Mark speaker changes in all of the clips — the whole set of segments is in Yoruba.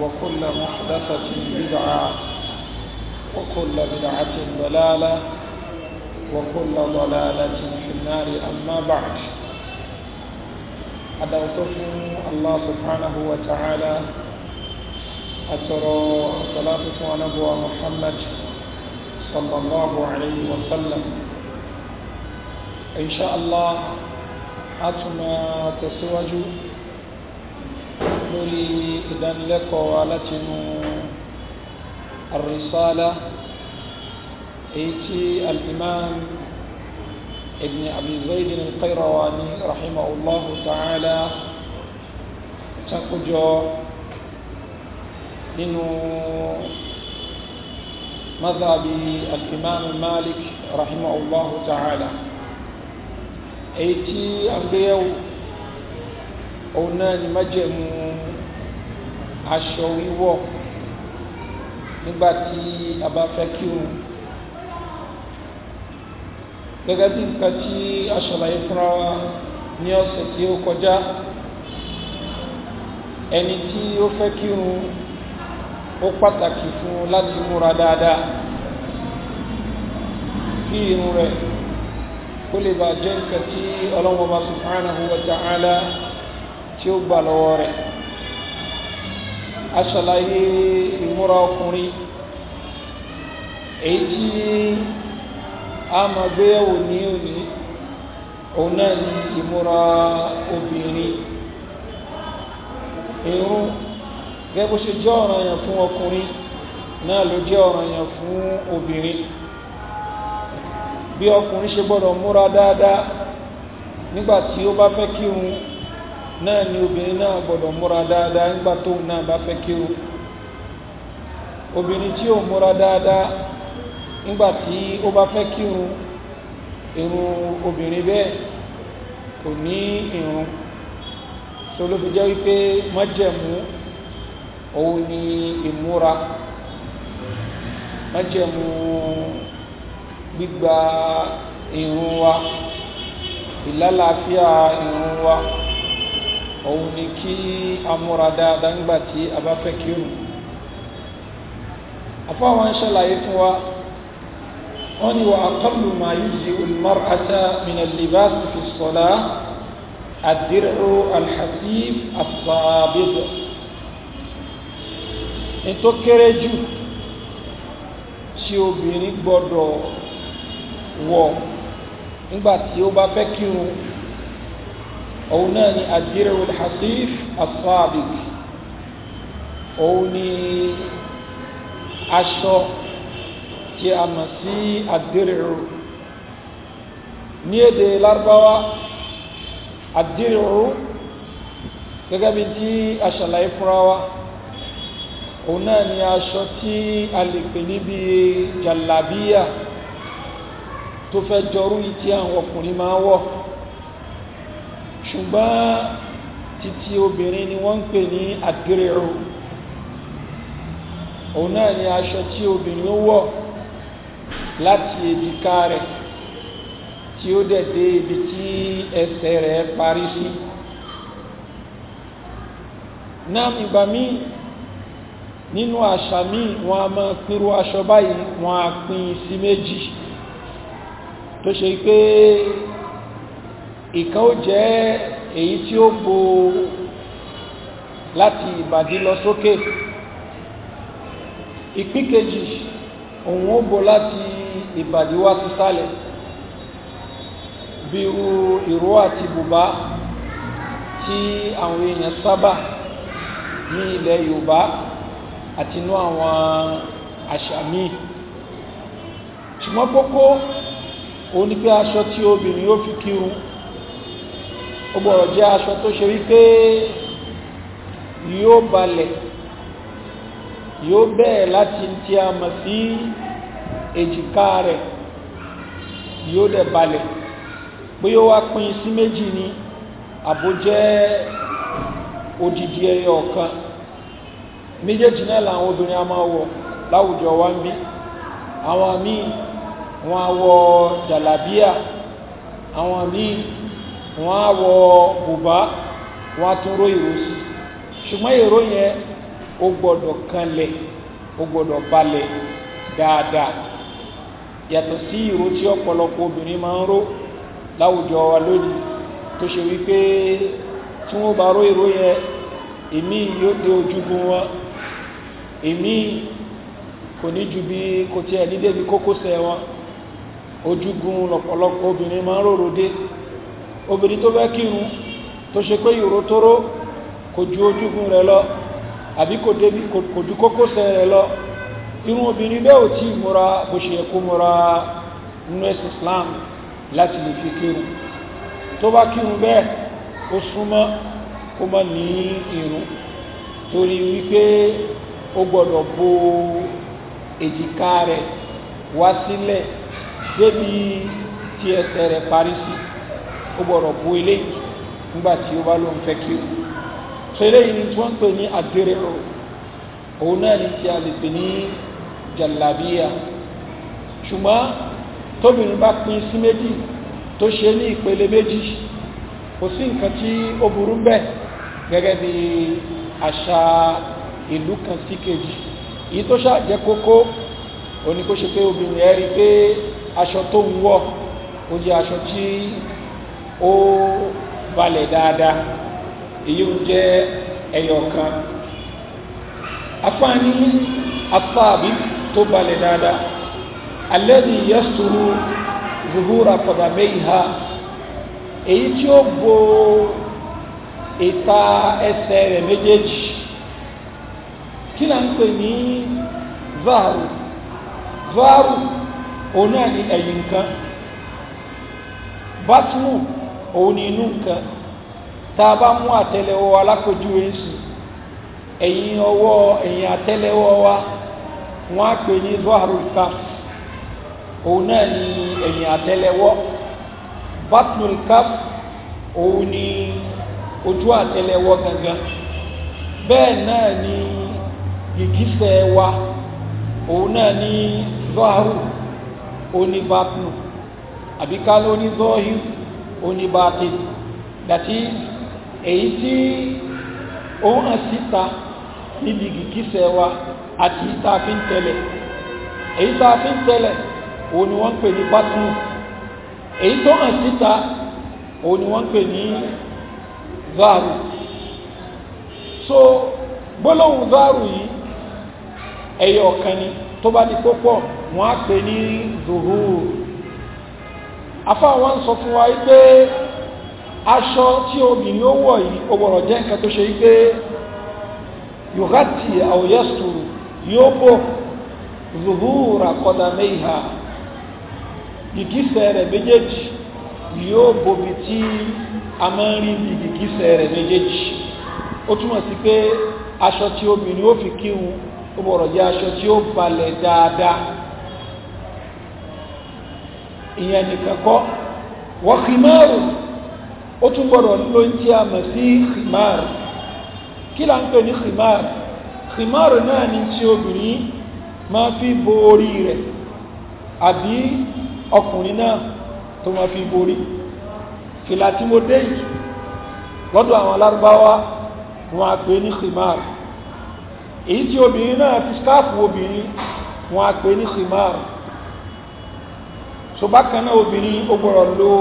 Speaker 1: وكل محدثة بدعة وكل بدعة ضلالة وكل ضلالة في النار أما بعد أدعوكم الله سبحانه وتعالى أترى صلاة ونبوة محمد صلى الله عليه وسلم إن شاء الله أتما تسوجوا lórí ìdánilẹ́kọ̀ọ́ alátinú الرسالة ايتي الإمام ابن أبي زيد القيرواني رحمه الله تعالى تقجو إنه مذهب الإمام مالك رحمه الله تعالى ايتي أنبيو òun náà ni májẹ̀mú aṣọ wíwọ̀ nígbà tí a bá fẹ́ kírun gẹ́gẹ́ bí nǹkan tí a fúnra wa ní ọ̀sẹ̀ tí ó kọjá ẹni tí ó fẹ́ kírun ó pàtàkì fún láti múra dáadáa kí irun rẹ̀ kó lè bàa jẹ́ nǹkan tí Ọlọ́hun Ọba subhanahu wa ta'ala. ala tí ó gbà lọ́wọ́ rẹ̀ aṣàlàyé ìmúra ọkùnrin èyí tí a máa gbé yẹ̀wò ní òní òun náà ni ìmúra obìnrin irun gẹ́gẹ́ bó ṣe jẹ́ ọ̀ràn yẹn fún ọkùnrin náà ló jẹ́ ọ̀ràn yẹn fún obìnrin bí ọkùnrin ṣe gbọ́dọ̀ múra dáadáa nígbà tí ó bá fẹ́ kírun náà ni obìnrin náà gbọ́dọ̀ múra dáadáa nígbà tóun náà bá fẹ́ kírun obìnrin tí ò múra dáadáa nígbà tí ó bá fẹ́ kírun irun obìnrin bẹ́ẹ̀ kò ní irun so ló fi jẹ́ wípé òun ni ìmúra gbígba irun wa ìlàlàáfíà òun ni kí a múra dáadáa ńgbà tí a bá fẹ́ kírun afáwọn ń ṣàlàyé fún wa wọ́n ní wa aqallu ma yujzi'u al-mar'ata min al-libas fi as-salah ad-dir'u al kéré jù tí obìnrin gbọ́dọ̀ wọ̀ nígbà tí ó bá fẹ́ kírun òun náà ni àdírẹ̀wò hasif asabik òun ni aṣọ tí a mọ̀ sí àdírẹ̀wò ní èdè lárúbáwá àdírẹ̀wò gẹ́gẹ́ bí tí a ṣàlàyé fúnra wa òun náà ni aṣọ tí a lè pè níbi jàlábíyà tó fẹ́ jọrú ìtí àwọn ọkùnrin máa wọ̀ ṣùgbọ́n títí obìnrin ni wọ́n ń pè ní àgírẹ̀rù òun náà ni aṣọ tí obìnrin ó wọ̀ láti èjìká rẹ̀ tí ó dẹ̀ dé ibi tí ẹsẹ̀ rẹ̀ parí sí náà ìgbà míì nínú àṣà míì wọn a máa pínrú aṣọ báyìí wọn a pín sí méjì tó ṣe pé ìkan ó jẹ́ èyí tí ó bo láti ìbàdí lọ sókè ìpín kejì òun ó bo láti ìbàdí wá sísàlẹ̀ bí irú ìró àti bùbá tí àwọn èèyàn sábà ní ilẹ̀ Yorùbá àti inú àwọn àṣà ṣùgbọ́n kókó òun ni pé aṣọ tí obìnrin yóò fi kírun ó gbọ́dọ̀ jẹ́ aṣọ tó ṣe wípé yóò balẹ̀ yóò bẹ̀ẹ̀ láti tí a mọ̀ sí èjìká rẹ̀ yóò dẹ̀ balẹ̀ pé yóò wá pín sí méjì ni àbó jẹ́ ẹyọ ọ̀kan méjèèjì náà làwọn obìnrin a máa wọ̀ láwùjọ wa ń bí àwọn míì wọn a wọ̀ jàlábíà àwọn míì wọ́n á wọ bùbá wọ́n á tún ró ìró sí ṣùgbọ́n ìró yẹn ó gbọ́dọ̀ kanlẹ̀ ó gbọ́dọ̀ balẹ̀ dáadáa yàtọ̀ sí ìró tí ọ̀pọ̀lọpọ̀ obìnrin máa ń ró láwùjọ wa lónìí tó ṣe wípé tí wọ́n bá ró ìró yẹn èmi yóò dé ojúgun wọn èmi kò ní ju bí kò tiẹ̀ ní débi kókósẹ̀ wọn ojúgun lọ̀pọ̀lọpọ̀ obìnrin máa ń róró obìnrin tó fẹ́ kírun tó ṣe pé ìró tóró kò ju ojúgun rẹ̀ lọ àbí kò ju kókósẹ̀ rẹ̀ lọ irun obìnrin bẹ́ẹ̀ ò tí múra bó ṣe yẹ kó múra nínú ẹ̀sìn Islam láti lè fi kírun tó bá kírun bẹ́ẹ̀ ó súnmọ́ kó má ní irun torí wípé ó gbọ́dọ̀ bo èjìká rẹ̀ wá sílẹ̀ débi tí ẹsẹ̀ rẹ̀ parí sí ó gbọ́dọ̀ bu eléyìí nígbà tí ó bá ló ń fẹ́ kí o so eléyìí ni tí wọ́n ń pè ní àdérè o òun náà ni tí a lè pè ní jàlábíyà ṣùgbọ́n tóbìnrin bá pín sí méjì tó ṣe ní ìpele méjì kò sí nǹkan tí ó burú bẹ́ẹ̀ gẹ́gẹ́ bí àṣà ìlú kan sí kejì èyí tó ṣáà kókó òní kó ṣe pé obìnrin ẹ̀ rí pé aṣọ tó ń wọ̀ ó jẹ́ aṣọ tí ó balẹ̀ dáadáa èyí ń jẹ́ ẹyọ kan afáàní afáàbí tó balẹ̀ dáadáa alẹ́dì yẹ́sùrù zuhura kọ̀dàmẹ́yìhá èyí tí ó bo ìta ẹsẹ̀ rẹ̀ méjèèjì kí là ń pè ní vaaru vaaru òun náà ni ẹ̀yìn nǹkan batmu òun ni inú nǹkan tá a bá mú àtẹ́lẹwọ́ alákòjúwe ń sìn ẹ̀yìn ọwọ́ ẹ̀yìn àtẹ́lẹwọ́ wa wọ́n á pè ní zoharuka òun náà ni ẹ̀yìn àtẹ́lẹwọ́ batnuka òun ni ojú àtẹ́lẹwọ́ gangan bẹ́ẹ̀ náà ni gìgísẹ̀ wa òun náà ni zoharu oníbatnu àbíká ló ní zohiru oníbàtì dàtí èyí tí ó hàn síta níbi gìgísẹ̀ wa àti ìta fi ń tẹ̀lẹ̀ èyí tá a òun ni wọ́n ń pè ní bátìmù èyí tó hàn síta òun ni wọ́n pè ní záàrù so gbólóhùn záàrù yìí ẹ̀yọ̀ ọ̀kan ni tó bá di púpọ̀ wọ́n á pè ní zuhuru afá wọn sọ fún wa wípé aṣọ tí obìnrin ó wọ̀ yìí ó gbọ́dọ̀ jẹ́ nǹkan tó ṣe wípé yòhátì àwòyẹ́sù yóò bò zuhura kọdàmẹ́ìhà gìgísẹ̀ rẹ̀ méjèèjì yóò bobi tí a máa ń rí bí gìgísẹ̀ rẹ̀ méjèèjì ó túmọ̀ sí pé aṣọ tí obìnrin ó fi kírun ó gbọ́dọ̀ jẹ́ aṣọ tí ó balẹ̀ dáadáa ìyẹn nìkan kọ́ wọ́n kìmáàrù ó tún gbọ́dọ̀ ló ń tí a mọ̀ sí kìmáàrù kí là ń pè ní kìmáàrù kìmáàrù náà ni tí obìnrin máa fi bo orí rẹ̀ àbí ọkùnrin náà tó máa fi borí fìlà tí mo dé yìí lọ́dọ̀ àwọn alárúbáwá wọn a pè ní khimar èyí tí obìnrin náà fi skáàfù obìnrin wọn a pè ní khimar so bákan náà obìnrin ó gbọ́rọ̀ lo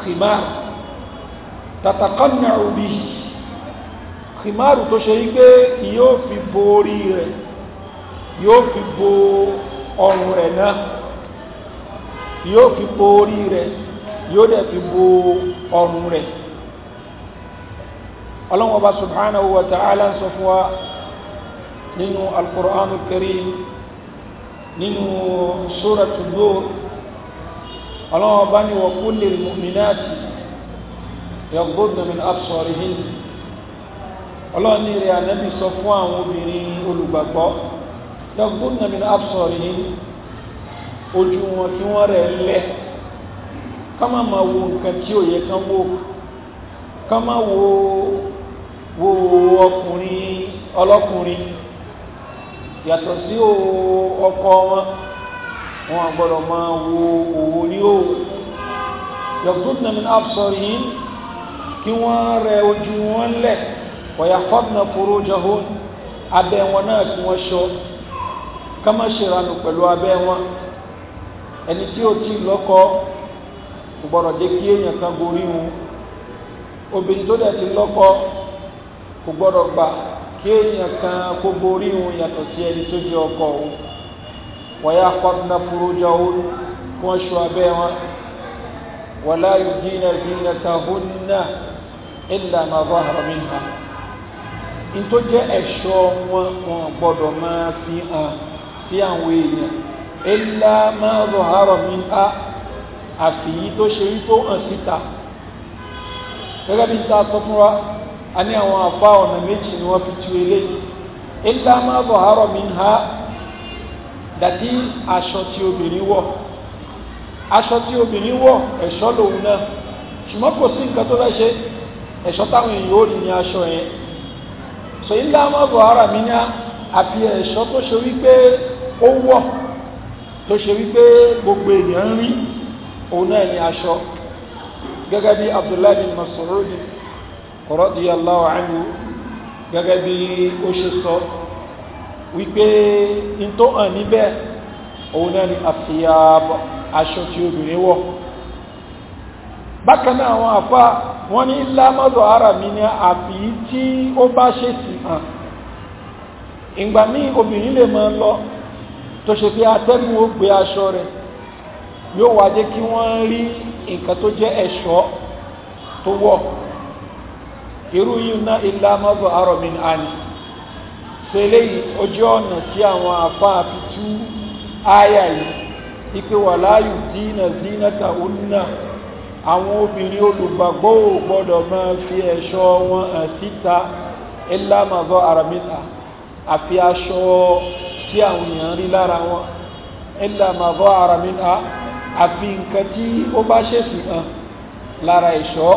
Speaker 1: khimar tatakanna obi khimaru tó ṣe wípé yóò fi bo orí rẹ̀ yóò fi bo ọrùn rẹ̀ náà yóò fi bo orí rẹ̀ yóò dẹ̀ fi bo ọrùn rẹ̀ ọlọ́run ọba subhanahu wa ta'ala sọ fún wa nínú alqur'anul karim nínú suratul nur ọlọ́wọ́n bá ní wọ́n kú lè mùmínáàtì yọgbọ́dọ̀ mi absọ̀rì hìn ọlọ́wọ́n ní rẹ̀ ànábì sọ fún àwọn obìnrin olùgbàgbọ́ yọgbọ́dọ̀ mi absọ̀rì hìn ojú wọn kí wọ́n rẹ̀ lẹ̀ ká má wo nǹkan tí ò yẹ kán wò ká wo ọkùnrin ọlọ́kùnrin yàtọ̀ sí ọkọ wọn wọn gbọ́dọ̀ máa wo òwò ní ó yọ̀gbọ́n min absarihim kí wọ́n rẹ ojú wọn lẹ̀ ọ̀yà fọ́nà furujahun abẹ́ wọn náà kí wọ́n ṣọ́ ká má ṣe ranù pẹ̀lú abẹ́ wọn ẹni tí ó ti lọ́kọ kò gbọ́dọ̀ jẹ́ kí èèyàn kan gorí wọn obìnrin tó dẹ̀ ti lọ́kọ kò gbọ́dọ̀ gbà kí èèyàn kan kó gorí wọn yàtọ̀ sí ẹni tó jẹ́ ọkọ òun ويحفظن فروجهن وشوا بها ولا يبدين زينتهن إلا ما ظهر منها in tó jẹ́ ẹ̀ṣọ́ wọn wọn gbọ́dọ̀ máa fi hàn sí àwọn èèyàn illa ma zahara minha àfi yí tó ṣe yí tó hàn síta gẹ́gẹ́ bí ta sọ fún wa a ní àwọn àfá ọ̀nà méjì ni wọ́n fi tu eléyìí illa ma zahara minha dàtí aṣọ tí obìnrin wọ̀ aṣọ tí obìnrin wọ̀ ẹ̀ṣọ́ lòun náà ṣùgbọ́n kò sí nǹkan tó fẹ́ ṣe ẹ̀ṣọ́ táwọn èèyàn ó rí ní aṣọ yẹn so ilé amọ́bọ̀ ara mi ní àfi ẹ̀ṣọ́ tó ṣe wípé ó wọ̀ tó ṣe wípé gbogbo èèyàn ń rí òun náà ní aṣọ gẹ́gẹ́ bí Abdullahi bin Mas'ud radiyallahu anhu gẹ́gẹ́ bí ó ṣe sọ wípé in tó hàn níbẹ̀ òun náà ni àfihàn aṣọ tí obìnrin wọ̀ bákan náà àwọn àfá wọ́n ní lámọ́dọ̀ ara mi ní àfi tí ó bá ṣe sí hàn ìgbà obìnrin lè máa lọ tó ṣe fi atẹ́gùn ó gbé aṣọ rẹ̀ yóò wá jẹ́ kí wọ́n rí nǹkan tó jẹ́ ẹ̀ṣọ́ tó wọ̀ irú yìí ná so eléyìí ojú ọ̀nà tí àwọn àfáà fi tú áyà yìí ipe wà láàyù dínà zínàtà ònà àwọn obìnrin olùgbàgbọ́ ò gbọ́dọ̀ máa fi ẹ̀ṣọ́ wọn hàn síta ẹlámàgọ́ àràmìnà àfi aṣọ tí àwọn èèyàn rí lára wọn ẹlámàgọ́ àràmìnà àfi nǹkan tí ó bá ṣèṣì hàn lára ẹ̀ṣọ́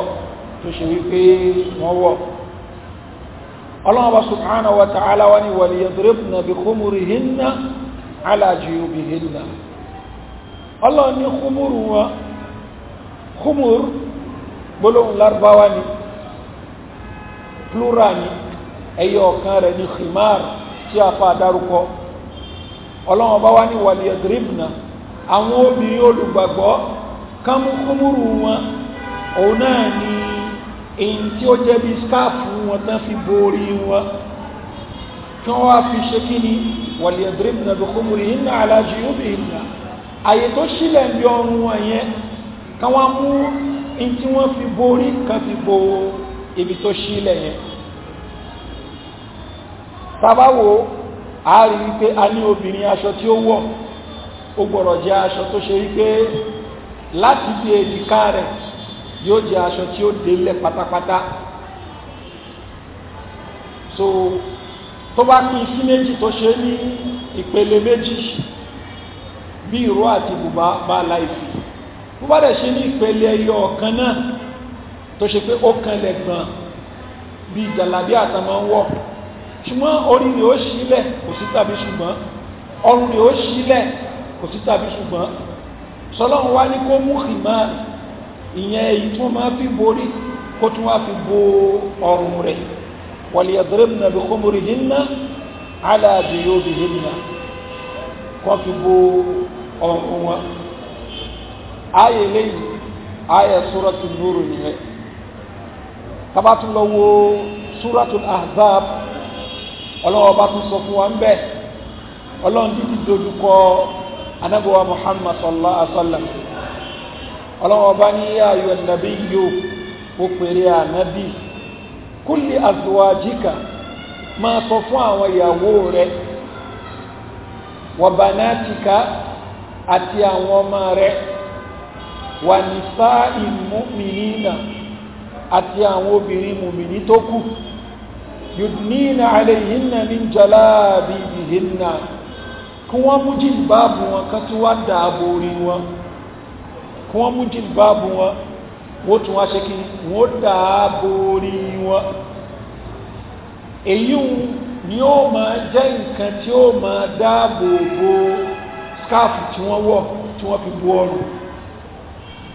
Speaker 1: tó ṣe wípé wọ́n wọ̀ ọlọ́wọ́ subhanahu wa ta'ala wani waliyadribna bi khumurihinna ala juyubihinna ọlọ́wọ́ ní khumuru wa khumur gbólóhùn lárúbáwá ni plural ni ẹyọ ọ̀kan rẹ̀ ní khimar tí a fa dárúkọ ọlọ́wọ́ bá wá ní waliyadribna àwọn obìnrin olùgbàgbọ́ kán mú khumuru òun náà ni èyí tí ó jẹ́ bí skáàfù wọn tán fi borí wọn kí wọ́n wá fi ṣe kí ni wàlẹ̀ drip na bí kúmùrì iná alájú yóò bí iná àyè tó sílẹ̀ ń bí ọrùn wọn yẹn kí wọ́n mú in tí wọ́n fi borí kan fi bo ibi tó sílẹ̀ yẹn tabawo a rí wípé a ní obìnrin aṣọ tí ó wọ̀ ó gbọ́dọ̀ jẹ́ aṣọ tó ṣe wípé láti bí èjìká rẹ̀ yóò jẹ aṣọ tí ó délẹ̀ pátápátá so tó bá ní sí méjì tó ṣe ní ìpele méjì bí ìró àti bùbá bá láìsí bó bá dẹ̀ ṣe ní ìpele ẹyọ ọ̀kan náà tó ṣe pé ó kanlẹ̀ gbọ̀n bí jàlábí àtàmọ́ ń wọ̀ ṣùgbọ́n orí rẹ̀ ó ṣílẹ̀ kò sí tàbí ṣùgbọ́n ọrùn rẹ̀ ó ṣílẹ̀ kò sí tàbí ṣùgbọ́n sọlọ́run wá ní kó mú hìmáàlì ìyẹn èyí tí wọ́n máa fi borí kó tún wá fi bo ọrùn rẹ̀ waliyadribna bi khumurihinna ala juyubihinna kọ́ fi bo ọrùn wọn ayé lẹ́yìn ayé súrọ́tù núrù nìyẹn tabatun lọ wo súrọ́tù ahzab ọlọ́wọ́ bá tún sọ fún wa ń bẹ́ẹ̀ ọlọ́run títí dojúkọ anábọ̀wá muhammad sallallahu alaihi wa sallam ọlọ́wọ́n bá ní ayọ̀ nàbí yóò ó pèrè ànábì kúlì àzùwájíkà máa sọ fún àwọn ìyàwó rẹ wàbánátíkà àti àwọn ọmọ rẹ wà ní sáà ìmúmìnínà àti àwọn obìnrin mùmìní tó kù yudnina alayhinna min jalabibihinna kí wọ́n mú jìlbáàbù wọn kan tí wá dáàbò orí wọn kí wọ́n mú jìlbáàbù wọn wọ́n tún wá ṣe kí wọ́n dáàbò orí wọn èyí ni ó ma jẹ́ nǹkan tí ó máa dáàbò bo scarf tí wọ́n wọ̀ tí wọ́n fi bu ọrùn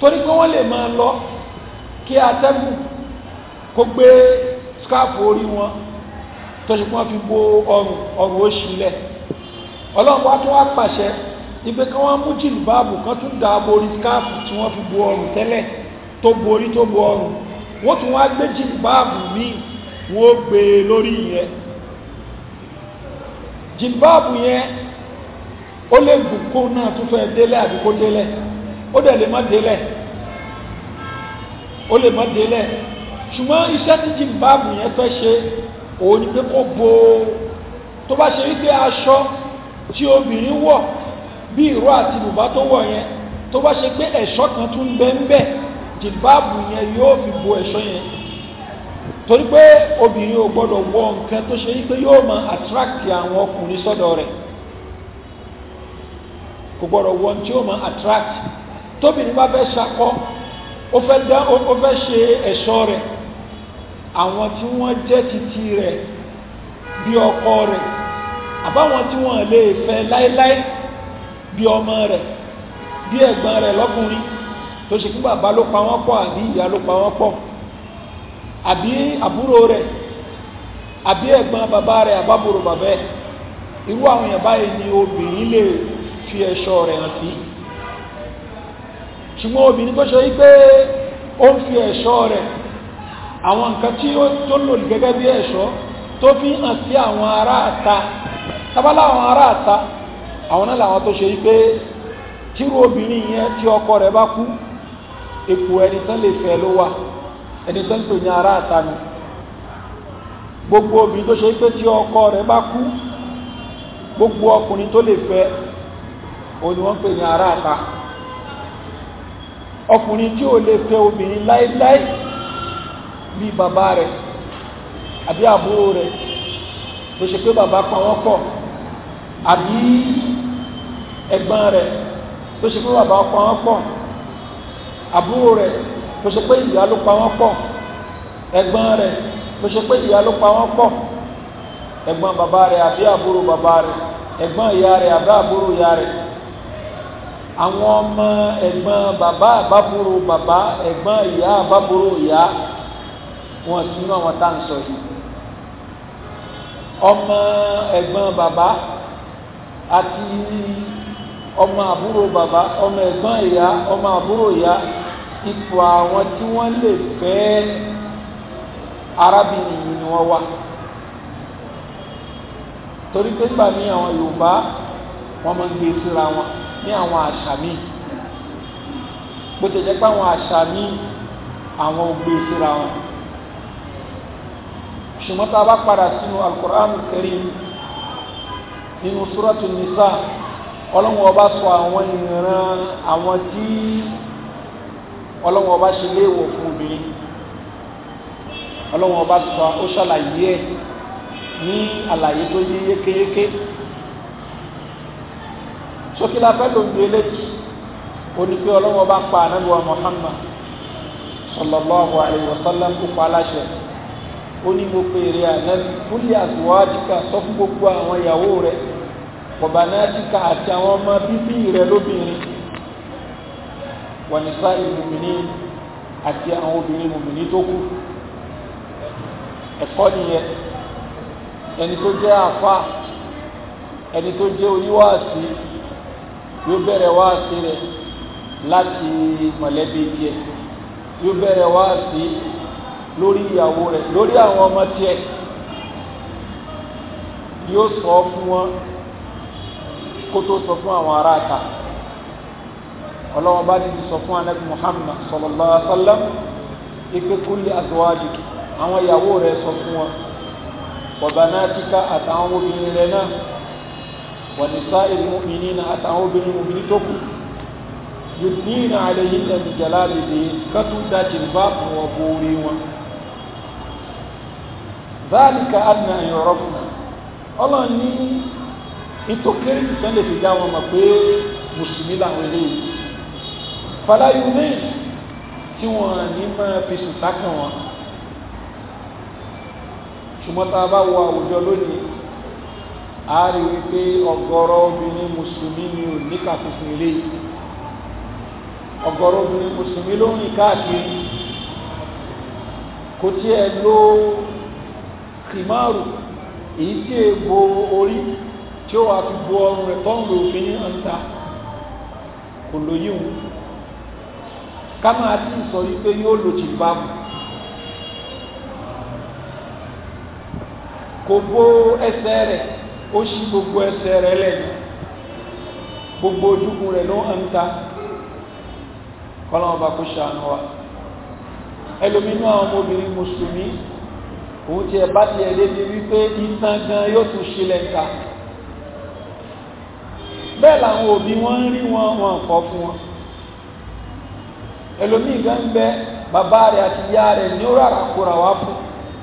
Speaker 1: torí pé wọ́n lè máa lọ kí atẹ́gùn kó gbé scarf orí wọn tó ṣe kí wọ́n fi bo ọrùn ọrùn ó ṣílẹ̀ ọlọ́run wá tún wá pàṣẹ ibi kan wọ́n mú jìlù báàbù kan tún dá borí skáàfù tí wọ́n fi bo ọrùn tẹ́lẹ̀ tó borí tó bo ọrùn wọ́n tún wá gbé jìlù báàbù míì wọ́n gbé e lórí yẹn jìlbáàbù yẹn ó lè gùn kó náà tún fẹ́ délẹ̀ àbí kó délẹ̀ ó dẹ̀ lè má délẹ̀ ó lè má délẹ̀ ṣùgbọ́n iṣẹ́ tí jìlbáàbù yẹn fẹ́ ṣe òun ni pé kó bo tó bá ṣe wípé aṣọ tí obìnrin wọ̀ bí ìró àti bùbá tó wọ̀ yẹn tó bá ṣe pé ẹ̀ṣọ́ kan tún ń bẹ ń bẹ jìlbáàbù yẹn yóò fi bo ẹ̀ṣọ́ yẹn torí pé obìnrin ò gbọ́dọ̀ wọ nǹkan tó ṣe wípé yóò máa attract àwọn ọkùnrin sọ́dọ̀ rẹ̀ kò gbọ́dọ̀ wọ tí ó máa attract tóbìnrin bá fẹ́ ṣakọ ó fẹ́ dá ó fẹ́ ṣe ẹ̀ṣọ́ rẹ̀ àwọn tí wọ́n jẹ́ titi rẹ̀ bí ọkọ rẹ̀ àbáwọn tí wọ́n lè fẹ́ láéláé. bí ọmọ rẹ bí ẹ̀gbọ́n rẹ̀ lọ́kùnrin tó ṣe kí bàbá ló pa wọn pọ̀ àbí ìyá ló pa wọn pọ̀ àbí àbúrò rẹ àbí ẹgbọn bàbá rẹ àbábòrò bàbá irú àwọn èèyàn báyìí ni obìnrin lè fi ẹ̀ṣọ́ rẹ hàn sí obìnrin tó ṣe wípé ó ń fi àwọn nǹkan tí ó lò bí tó fi àwọn náà làwọn tó ṣe yí pé tíru obìnrin yẹn tí ọkọ rẹ̀ bá kú ipò ẹni tán lè fẹ́ ló wà ẹni tán pè ní ara àtàmì gbogbo obìnrin tó ṣe pé tí ọkọ rẹ̀ bá kú gbogbo ọkùnrin tó lè fẹ́ òun ni wọ́n pè ní ara àta ọkùnrin tí ò lè fẹ́ obìnrin láíláí bí bàbá rẹ̀ àbí àbúrò rẹ̀ tó ṣe pé bàbá pa wọ́n pọ̀ àbí ẹ̀gbọ́n rẹ̀ tó ṣe pé bàbá pa wọ́n pọ̀ àbúrò rẹ̀ tó ṣe pé ìyá ló pa wọ́n pọ̀ ẹ̀gbọ́n rẹ̀ tó ṣe pé ìyá ló pa wọ́n pọ̀ ẹ̀gbọ́n bàbá rẹ̀ àbí àbúrò bàbá rẹ̀ ẹ̀gbọ́n ìyá rẹ̀ àbí àbúrò ìyá rẹ̀ àwọn ọmọ ẹ̀gbọ́n bàbá àbábúrò bàbá ẹ̀gbọ́n ìyá àbábúrò ìyá wọn sínú àwọn tá à ń sọ yìí ọmọ ẹ̀gbọ́n bàbá àti ọmọ àbúrò bàbá ọmọ ẹ̀gbọ́n ìyá ọmọ àbúrò ìyá ipò àwọn tí wọ́n lè fẹ́ arábìnrin yìí ni wọ́n wà torí pé nígbà ní àwọn Yorùbá wọ́n máa ń gbé síra wọn ní àwọn àṣà míì bó ti jẹ́ pé àwọn àṣà míì àwọn ò gbé síra wọn ṣùgbọ́n tá a bá padà sínú Al-Qur'an Karim nínú Suratul Nisa ọlọ́run ọba sọ àwọn ìran àwọn tí ọlọ́run ọba ṣe léèwọ̀ fún obìnrin ọlọ́run ọba sọ ó ṣàlàyé ẹ̀ ní àlàyé tó yé yékéyéké sókè la fẹ́ ló ń gbélé onípe ọlọ́run ọba pa ànábì wa Muhammad sallallahu alayhi wa sallam kó pa aláṣẹ ó ní mo pèrè ànábì kúlẹ̀ àtúwádìí ká sọ fún gbogbo àwọn ìyàwó rẹ̀ wọ̀bànájíkà àti àwọn ọmọ bíbí rẹ̀ lóbìnrin wọ̀nìsá ìmùmìnì àti àwọn obìnrin mùmìnì tó kù ẹ̀kọ́ nìyẹn ẹni tó jẹ́ àfa ẹni tó jẹ́ oníwàásí yóò bẹ̀rẹ̀ wáásí rẹ̀ láti mọ̀lẹ́bí tiẹ̀ yóò bẹ̀rẹ̀ wáásí lórí ìyàwó rẹ̀ lórí àwọn ọmọ tiẹ̀ yóò sọ fún wọn kó tó sọ fún àwọn ará ta ọlọ́wọ́n bá ní sọ fún anabi muhammad sallallahu alaihi wa sallam ipe kulli azwajik àwọn ìyàwó rẹ̀ sọ fún wọn wa banatika àtàwọn obìnrin rẹ̀ náà wa nisa'il mu'minina àtàwọn obìnrin mòmìnì tó kù yudnina alayhinna min jalabibihin kátó dájì bá fún wọn borí wọn. dhalika adna an yu'rafna ọlọ́run ní nítòkèrè nìkan lè fi dá wọn mọ̀ pé mùsùlùmí làwọn eléyìí fàlàyé lẹ́yìn tí wọ́n ní máa fi sùn sákàn wọn ṣùgbọ́n tá a bá wo àwùjọ lónìí a rí wípé ọ̀gọ̀rọ̀ obìnrin mùsùlùmí ni ò ní kàkùnkùn eléyìí ọ̀gọ̀rọ̀ obìnrin mùsùlùmí ló ń rìn káàkiri kò tí ẹ lo kìmáàrù èyí tí èèbò orí tí ó wà fi bo ọrùn rẹ̀ tọ́ǹgì òfin ní ọ̀ǹta kò lóyún ká máa tí ì sọ wípé yóò lò jì báàbù kò bo ẹsẹ̀ rẹ̀ ó ṣí gbogbo ẹsẹ̀ rẹ̀ lẹ́yìn gbogbo ojúkun rẹ̀ ló ń ta kọ́lọ́mọ bá kó ṣàánú wa ẹlòmínú àwọn ọmọbìnrin mùsùlùmí òun ti ẹ̀ bá ti ẹ̀ débi wípé ìtàn gan yóò tún ṣílẹ̀ ń ta. bẹ́ẹ̀ làwọn òbí wọ́n ń rí wọn wọn kọ́ fún wọn ẹlòmíì gan bẹ bàbá rẹ̀ àti ìyá rẹ̀ ní ó rárá kóra wá fún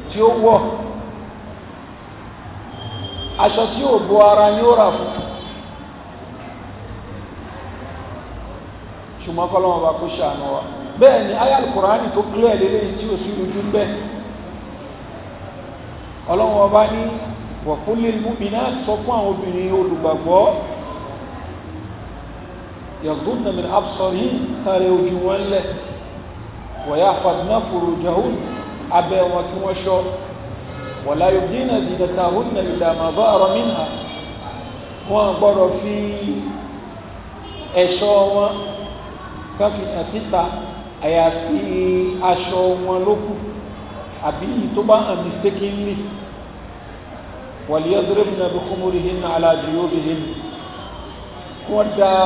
Speaker 1: tí ó wọ̀ aṣọ tí ò bo ara ni ó rà fún ṣùgbọ́n kọ́lọ́wọ́n bá kó ṣàánú wa bẹ́ẹ̀ ni ayal kùránì tó kílẹ̀ lélẹ́yìn tí ò sí ojú ń bẹ́ẹ̀ ọlọ́wọ́n bá ní wọ̀kúnlé múmìnà sọ fún àwọn obìnrin olùgbàgbọ́ يغضبن من أبصارهن تاري وجوان له ويحفظن فروجهن أبي وكوشو ولا يبدين زينتهن إلا ما ظهر منها wọ́n gbọ́dọ̀ fi ẹ̀ṣọ́ wọn kan fi hàn síta àyàfi aṣọ wọn lókù àbí tó bá hàn mistakenly wàlíyàdúrébìnà bí kúmúrìhìn aláàdúróbìhìn wọ́n dáa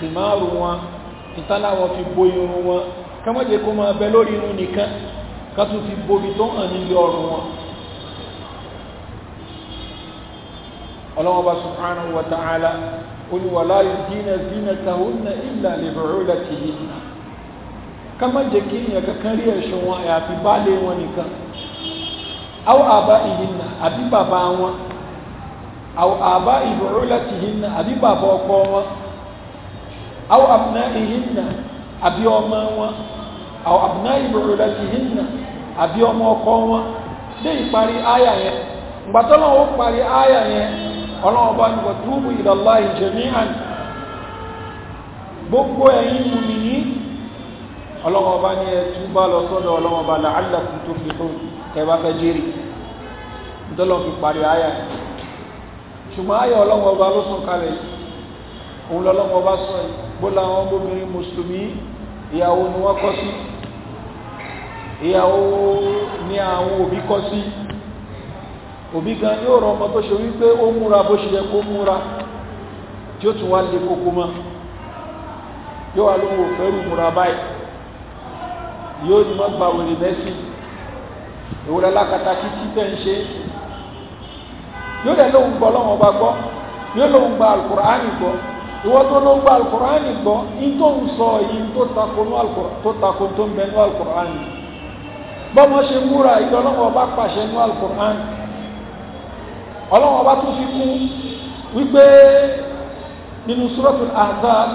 Speaker 1: tìmáàrù wọn ìtàláwọ̀ fi bo irun wọn kẹmọ́jẹ kó máa bẹ lórí irun nìkan kátún fi bobi tó hàn níbi ọrùn wọn ọlọ́wọ́ba subhanahu wa ta'ala olùwàlá ìdínà zínà tàhúnà ìlà lèbẹ̀rẹ̀ láti yìí kẹmọ́jẹ kí èèyàn kankan àwọn àbùnà ìhìnnà àbí ọmọ wọn àwọn àbùnà ìbòròdà ti hìnnà àbí na ọkọ wọn dé ìparí àyà yẹn gbàtọ́lọ́ ó parí àyà yẹn gbogbo ẹ̀yin mùmìnì ọlọ́wọ́ bá ní ẹtúbà lọ sọ́dọ̀ ọlọ́wọ́ bá làálàkùn tó òun lọ́lọ́wọ́ bá sọ gbólà àwọn ọmọbìnrin mùsùlùmí ìyàwó ni wọ́n kọ́ sí ìyàwó ni àwọn òbí kọ́ sí òbí gan yóò rọ ọmọ tó ṣe wípé ó múra bó ṣe yẹ kó múra tí ó tún wá lè kókó mọ́ yóò wá lóhun òfẹ́rù múra báyìí yóò ní mọ́ gba wèrè mẹ́sì ìwòrán lákàtà kí títẹ̀ ń ṣe yóò dẹ̀ lóhun gbọ́ lọ́wọ́ bá gbọ́ yóò lóhun gba alukùránì gbọ́ ìwọ́n tó ló gba alukur'ani gbọ́ in tó ń sọ yìí tó tako tó ń bẹ ní alukur'ani bọ́mọ ṣe múra ìgbà ọlọ́wọ́ bá pàṣẹ ní alukur'ani ọlọ́wọ́ bá tún fi kún wípé nínú suratul Ahzab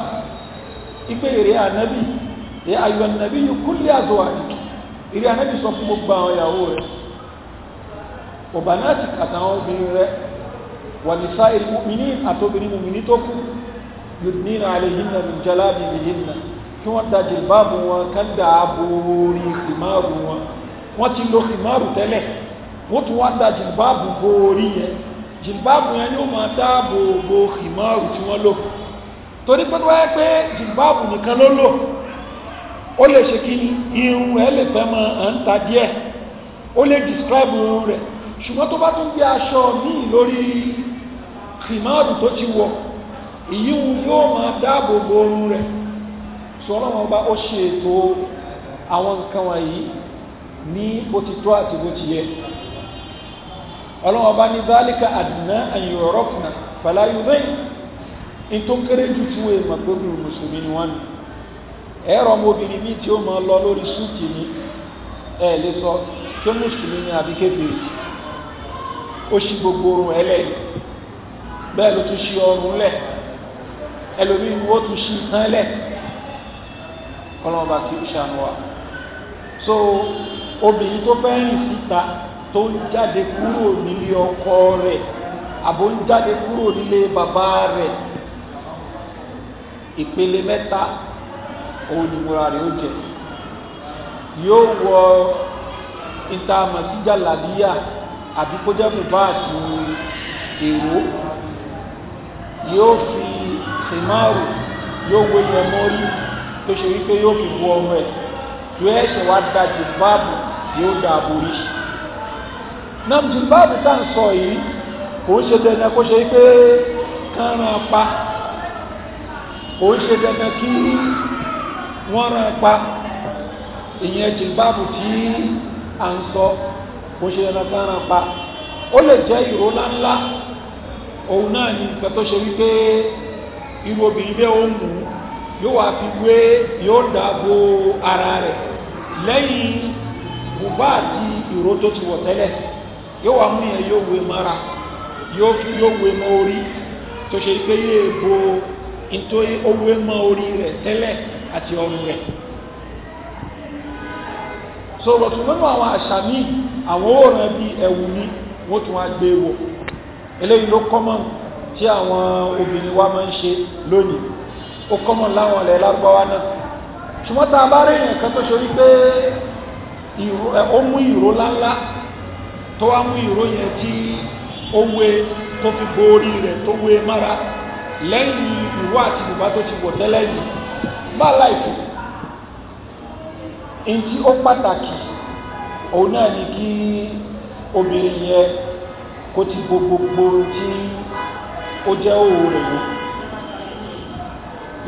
Speaker 1: ipe ìrẹ́ ànábì ìrẹ́ ayọ̀ ànábì yìí kúlẹ̀ àzọ̀wà ìrẹ́ ànábì sọ fún gbogbo àwọn ìyàwó rẹ̀ ọ̀bànátì àtàwọn obìnrin rẹ̀ wà ní sáà ìlú mìíní àtòbìnrin mìíní tó kú yudnina alayhinna min jalabi bihinna kí wọ́n da jìlbáàbù wọn kán dáàbò orí ìmáàrù wọn wọ́n ti lo ìmáàrù tẹ́lẹ̀ wọ́n tún wá da jìlbáàbù bo orí yẹn jìlbáàbù yẹn yóò máa dáàbò bo ìmáàrù tí wọ́n lò torí pé wáyé pé jìlbáàbù nìkan ló lò ó lè ṣe kí irun rẹ̀ lè fẹ́ mọ à ta díẹ̀ ó lè describe irun ṣùgbọ́n tó bá tún gbé aṣọ míì lórí ìmáàrù tó ti wọ̀ ìyíhun yóò máa dáàbò bo oorun rẹ̀ sọ ọlọ́run ọba ó ṣe ètò àwọn nǹkan wọ̀nyí ní bó ti tọ́ àti bó ti yẹ ọlọ́run ọba ní dhalika kere an yu'rafna fala wani tó kéré jù tí èèmọ̀ pé bíi mùsùlùmí ni wọ́n ní ẹ̀rọ ọmọbìnrin míì tí ó máa lọ lórí súùtì orun ẹlẹ́yìn ẹlòmíì ni wọ́n tún
Speaker 2: ṣí tán lẹ̀
Speaker 1: kọ́lọ́mọba kì í ṣàánú wa so obìnrin tó fẹ́ rìn síta tó ń jáde kúrò nílé ọkọ rẹ̀ àbò ń jáde kúrò nílé bàbá rẹ̀ ìpele mẹ́ta òun ni múra rẹ̀ ó jẹ yóò wọ ìtààmọ̀síjà làbíyà àbí kó jẹ́ mùbá àti èrò yóò fi kìmáàrù yóò wé yẹn mọ́rí tó ṣe wípé yóò fi wọ ọmọ ẹ̀ yóò ẹ̀ṣẹ̀ wá da jìbáàbù yóò da àbórí náà jìbáàbù tá ń sọ yìí kò ń ṣe dandan kó ṣe wípé kánran pa kò ń ṣe dandan kí wọ́n ran pa ìyẹn jìbáàbù tí à ń sọ kò ń ṣe dandan kánran pa ó lè jẹ́ ìró ńláńlá òun náà ni nǹkan tó ṣe wípé irú obìnrin bẹ́ẹ̀ ó mú yóò wá fi wé yóò dáàbò ara rẹ̀ lẹ́yìn bùbá àti ìró tó ti wọ̀ tẹ́lẹ̀ yóò wá mú yẹn yóò wé mara fi yóò wé orí tó ṣe pé yóò bo nítorí ó wé mọ́ orí rẹ̀ tẹ́lẹ̀ àti ọrùn rẹ̀ so wọ̀tún nínú àwọn àṣà míì àwọn òòrùn bí ẹ̀wù ni wọ́n tún wá gbé wọ̀ eléyìí tí àwọn obìnrin wa máa ń ṣe lónìí ó kọ́mọ̀ láwọn ilẹ̀ lárúbáwá náà ṣùgbọ́n tá a bá rí èèyàn kan tó ṣe wípé ó mú ìró láńlá tó wá mú ìró yẹn tí ó wé tó fi bo rẹ̀ tó wé mára lẹ́yìn ìró àti bùbá tó ti wọ̀ tẹ́lẹ̀ yìí bá láìpẹ́ èyí ó pàtàkì òun náà ni kí obìnrin yẹn kó ti bo tí ó jẹ́ òwò rẹ̀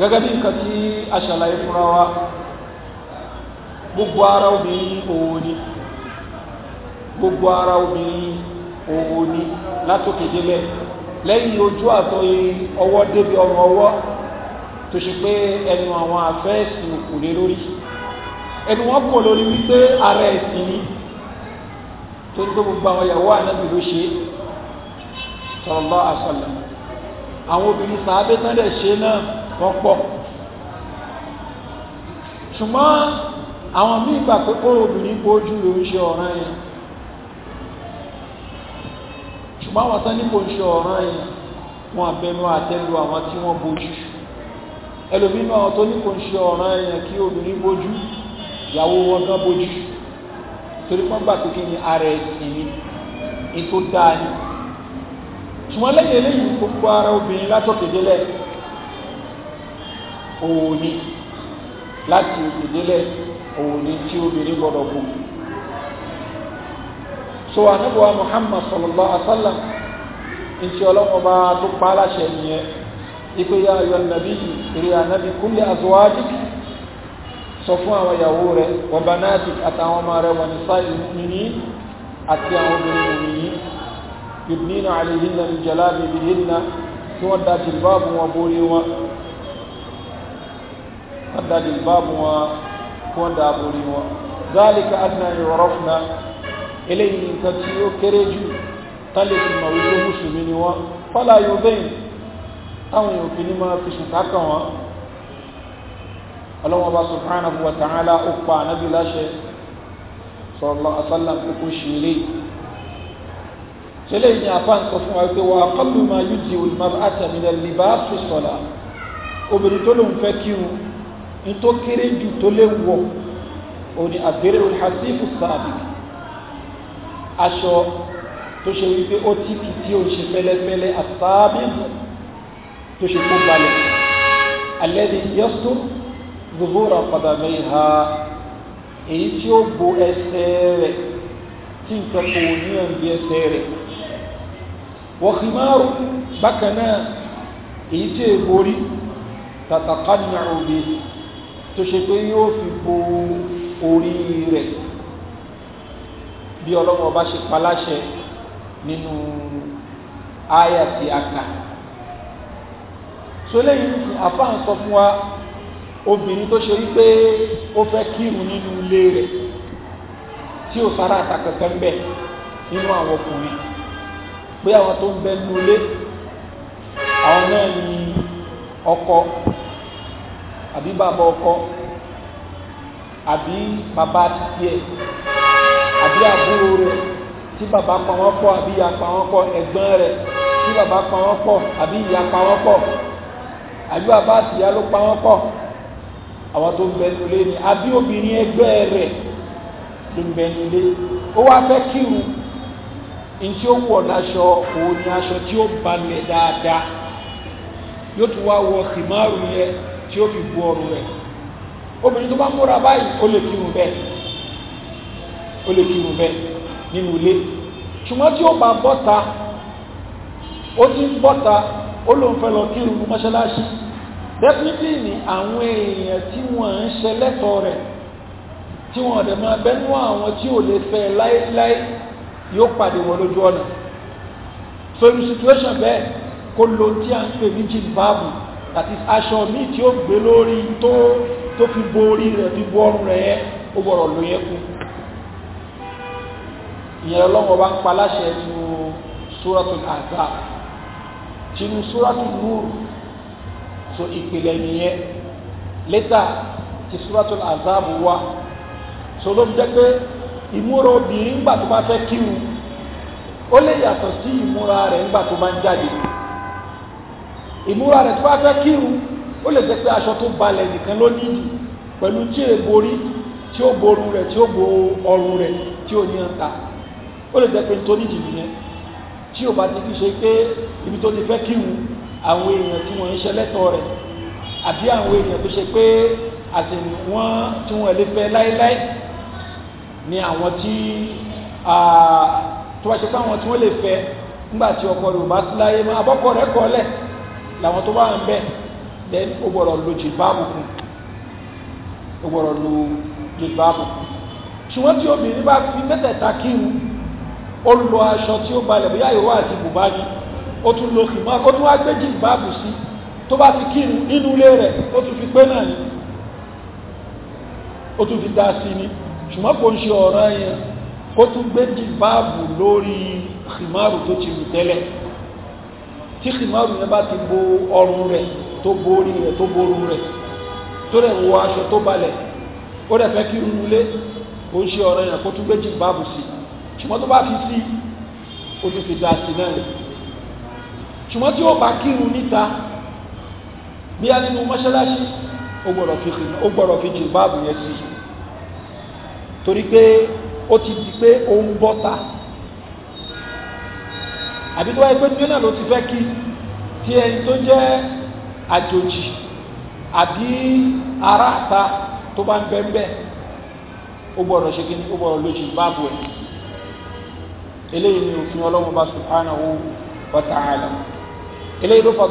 Speaker 1: wò gẹ́gẹ́ bí nǹkan tí a ṣàlàyé fúnra wa gbogbo ara obìnrin òwò ni gbogbo ara obìnrin òwò ni látòkè délẹ̀ lẹ́yìn ojú àtọ́ ọwọ́ débi ọrùn ọwọ́ tó ṣe pé ẹnu àwọn àfẹ́ẹ̀sì kò lé lórí ẹnu wọn kò lórí wípé ara ẹ̀sìn ni tó ń gbé gbogbo àwọn ìyàwó ànábì ló ṣe sallallahu alaihi wasallam àwọn obìnrin sàábé tán dẹ̀ ṣe náà wọ́n pọ̀ ṣùgbọ́n àwọn míì gbà pé kó obìnrin bójú rẹ̀ ń ṣe ọ̀ràn yẹn ṣùgbọ́n àwọn tán ní kò ń ṣe ọ̀ràn yẹn wọn àbẹnu àtẹ́lu àwọn tí wọ́n bójú ẹlòmínú àwọn tó ní kò ń ṣe ọ̀ràn yẹn kí obìnrin bójú ìyàwó wọn gán bójú torí pọ́n gbà pé kí ni ara ẹ̀sìn ni ètò dáa ni ṣùgbọ́n lẹ́yìn eléyìí gbogbo ara obìnrin látọ̀kèdélẹ̀ òní láti òkèdélẹ̀ òní tí obìnrin gbọ́dọ̀ bù so anabuwa muhammad sallallahu alaihi wa sallam in ti ọlọ́wọ́ bá tó pa aláṣẹ nìyẹn ipe ya ayọ̀ nàbí ìrì ànábì kúlẹ̀ azwajik sọ fún àwọn ìyàwó rẹ̀ wọ̀bánáàtì àtàwọn ọmọ rẹ̀ wọ̀nìsáì nìyí àti àwọn obìnrin nìyí yudnina alayhinna min jalabibihinna tí wọ́n da jìlbáàbù wọn borí wọn wọ́n da jìlbáàbù wọn kí wọ́n da borí wọn zálìkà adna yu'rafna eléyìí nǹkan tí ó kéré jù tán lè fi mọ̀ wípé mùsùlùmí ni wọ́n fọ́lá yóò bẹ́yìn táwọn èèyàn fi ní máa fi ṣùtá kàn wọ́n ọlọ́wọ́n bá subhanahu wa ta'ala ó pa ànábì láṣẹ sallallahu alaihi wasallam kókó ṣe eléyìí eléyìí ni apá ń sọ fún wa wípé wà á kọlù máa yú di olùmọ̀bá àtàmìlẹ̀ lìbá sí sọ̀la obìnrin tó lòun fẹ́ kírun ní tó kéré jù tó lè wọ̀ òní àbẹ̀rẹ̀ olùhàsífù sáàbì aṣọ tó ṣe wípé ó tí kì tí ó ṣe fẹ́lẹ́fẹ́lẹ́ àsáàbì tó ṣe kó balẹ̀ alẹ́dì yẹ́sù zuhura padàmẹ́ ìhà èyí tí ó bo ẹsẹ̀ rẹ̀ tí nǹkan kò ní ẹ̀ bí ẹsẹ̀ rẹ̀ wọ̀kìmáàrù bákanáà èyí tí è borí tàtàkánà òde tó ṣe pé yóò fi bo orí rẹ̀ bí ọlọ́mọ bá ṣe paláṣẹ nínú àyà tí a kà so lẹ́yìn àfáà ń sọ fún wa obìnrin tó ṣe wípé ó fẹ́ kírun nínú ilé rẹ̀ tí ò sára àtàkẹ́kẹ́ ń bẹ nínú àwọn ọkùnrin pé àwọn tó ń bẹ nínú ilé àwọn náà ni ọkọ àbí bàbá ọkọ àbí bàbá títí ẹ àbí àbúrò rẹ tí bàbá pa wọ́n pọ̀ àbí ìyá pa wọ́n pọ̀ ẹ̀gbọ́n rẹ tí bàbá pa wọ́n pọ̀ àbí ìyá pa wọ́n pọ̀ àbí bàbá àtìyá ló pa wọ́n pọ̀ àwọn tó ń bẹ nínú ilé ni àbí obìnrin ẹgbẹ́ rẹ ló ń bẹ nínú ilé ó wá fẹ́ kírun ntí ó wọ̀ láṣọ òun ni aṣọ tí ó balẹ̀ dáadáa yóò tún wá wọ kìmáàrù yẹn tí ó fi bu ọrùn rẹ̀ obìnrin tó bá múra báyìí ó lè kírun bẹ́ẹ̀ ó lè kírun bẹ́ẹ̀ nínú ilé ṣùgbọ́n tí ó bá bọ́ta ó ti ń bọ́ta ó lóun fẹ́ lọ kírun mọ́ṣáláṣí definitely ni àwọn èèyàn tí wọ́n ń ṣe lẹ́tọ̀ọ́ rẹ̀ tí wọ́n dẹ̀ máa bẹ́nu àwọn tí ò lè fẹ́ láéláé yóò pàdé wọn lójú ọ̀nà so irú situation bẹ́ẹ̀ kó lo tí a ń pè ní jìlbáàbù àti aṣọ míì tí ó gbé lórí tó tó fi bo rẹ̀ fi bo ọrùn rẹ̀ ó gbọ́dọ̀ ló yẹ kú ìyẹn ọlọ́wọ́ bá ń pa láṣẹ nínú suratul azab tinú suratul nur so ìpìlẹ̀ nìyẹn lẹ́tà ti suratul azab wá so ló ń jẹ́ pé ìmúra obìnrin ńgbà tó bá fẹ́ kírun ó lè yàtọ̀ sí ìmúra rẹ̀ ńgbà tó bá ń jáde ìmúra rẹ̀ tó bá fẹ́ kírun ó lè jẹ́ pé aṣọ tó balẹ̀ nìkan ló nídìí pẹ̀lú tí è borí tí ó borun rẹ̀ tí ó bo ọrùn rẹ̀ tí ó ní ọ̀ta ó lè jẹ́ pé tó nídìí nìyẹn tí ò bá ti fi ṣe pé ibi tó ti fẹ́ kírun àwọn èèyàn tí wọ́n ń ṣe lẹ́tọ̀ọ́ rẹ̀ àbí àwọn èèyàn tó ṣe pé àsìwọ́n tí wọ́n lè fẹ́ láéláé ni àwọn tí tó bá ṣe pé àwọn tí wọ́n lè fẹ́ nígbà tí ọkọ rẹ̀ ò bá sí láyé máa bọ́kọ rẹ̀ kọ́lẹ̀ làwọn tó bá ń bẹ̀ then ó gbọ́dọ̀ lo jìbáàbù kún ó gbọ́dọ̀ lo jìbáàbù kún ṣùgbọ́n tí obìnrin bá fi mẹ́tẹ̀ẹ̀ta kírun ó lo aṣọ tí ó balẹ̀ bóyá ìwọ àti bùbá ni ó tún lo kìmọ́ ó tún wá gbé jìbáàbù sí tó bá fi kírun nínú ilé rẹ̀ ó tún fi pé náà ni ó tún fi dá sí ni ṣùgbọ́n kò ń ṣe ọ̀ràn yẹn kó tún gbé jìbáàbù lórí khimaru tó ti lù tẹ́lẹ̀ tí khimaru yẹn bá ti bo ọrùn rẹ̀ tó borí rẹ̀ tó ború rẹ̀ tó rẹ̀ wọ aṣọ tó balẹ̀ ó rẹ̀ fẹ́ kí irun ilé kò ń ṣe ọ̀ràn yẹn kó tún gbé jìbáàbù sí ṣùgbọ́n tó bá fi sí ó ti fi dáa sí náà rẹ̀ ṣùgbọ́n tí ó bá kírun níta bí a nínú mọ́ṣáláṣí ó gbọ́dọ̀ fi jìbáàbù yẹn sí i torí pé ó ti di pé òun bọ́ta àbí tó wáyé pé náà ló ti fẹ́ kí tí ẹni tó jẹ́ àjòjì àbí aráàta tó bá ń bẹ́ẹ̀ bẹ́ẹ̀ ó gbọ́dọ̀ ṣe kí ni ó gbọ́dọ̀ lójú báàbò ẹ̀ eléyìí ni òfin ọlọ́run bá subhanahu wa ta'ala eléyìí ló fà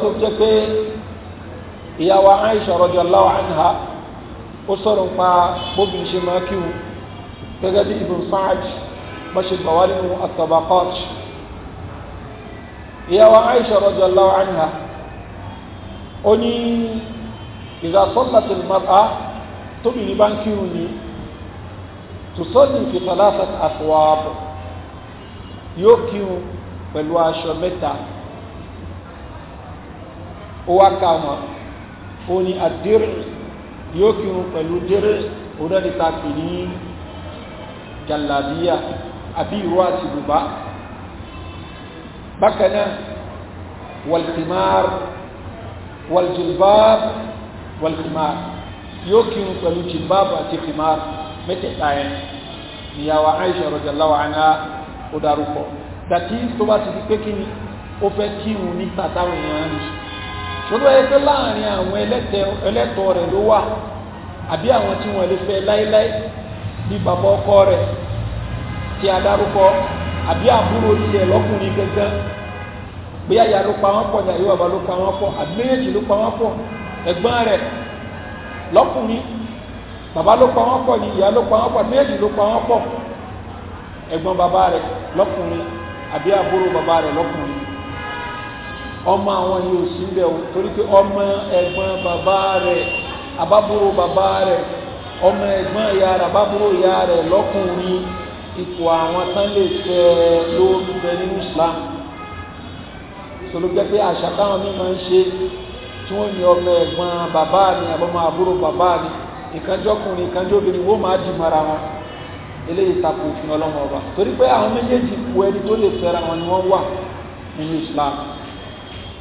Speaker 1: gẹ́gẹ́ bí ibùn sáàjì mọ́ṣe gbà wá nínú at-Tabaqat ìyàwó Aisha radiyallahu anha ó ní idha sallat al-mar'a tóbi ní bá ń kírun ní tusalli fi thalathat athwab yóò kírun pẹ̀lú aṣọ mẹ́ta ó wá ká wọn ó ní ad-dir' yóò kírun pẹ̀lú dir' ó dẹ́ni ta pè ní jàlàbíyà àbí ìró àti bùbá bákan náà wàlkìmáàr wàljìlbáàb wàlkìmáàr yóò kírun pẹ̀lú jìlbáàb àti kìmáàr mẹ́tẹ̀ẹ̀ta yẹn níyàwó Aisha radiyallahu anha ó darúkọ dàtí tó bá ti di pé kí ni ó fẹ́ kírun ní tàtàwọn èèyàn ni ṣòro ẹ láàrin àwọn ẹlẹ́tọ̀ rẹ̀ ló wà àbí àwọn tí wọ́n lè fẹ́ láéláé bí bàbá ọkọ rẹ̀ tí a dárúkọ àbí àbúrò tiẹ̀ lọ́kùnrin gẹ́gẹ́ bí àyà ló pa wọ́n pọ̀ ní àyè bàbá ló pa wọ́n pọ̀ àbí méjèèjì ló pa wọ́n pọ̀ ẹ̀gbọ́n rẹ̀ lọ́kùnrin bàbá ló pa wọ́n pọ̀ ní ìyá ló pa wọ́n pọ̀ méjèèjì ló pa wọ́n pọ̀ ẹ̀gbọ́n bàbá rẹ̀ lọ́kùnrin àbí àbúrò bàbá rẹ̀ lọ́kùnrin ọmọ àwọn yìí ò sí bẹ́ẹ̀ o torí pé ọmọ ẹ̀gbọ́n bàbá rẹ̀ àbábúrò bàbá rẹ̀ ọmọ ẹ̀gbọ́n ìyá rẹ̀ àbábúrò ìyá rẹ̀ lọ́kùnrin ipò àwọn tán lè fẹ́ ló ń bẹ nínú Islam sọlọ jẹ́ pé àṣà táwọn mi máa ń ṣe tí wọ́n ní ọmọ ẹ̀gbọ́n bàbá mi àbọ̀mọ àbúrò bàbá mi ìkànjọ́kùnrin ìkànjọ́bìnrin wọ́n máa dì mara wọn eléyìí tako òfin ọlọ́mọ ọba torí pé àwọn méjèèjì ku ẹni tó lè fẹ́ra wọn ni wọ́n wà nínú Islam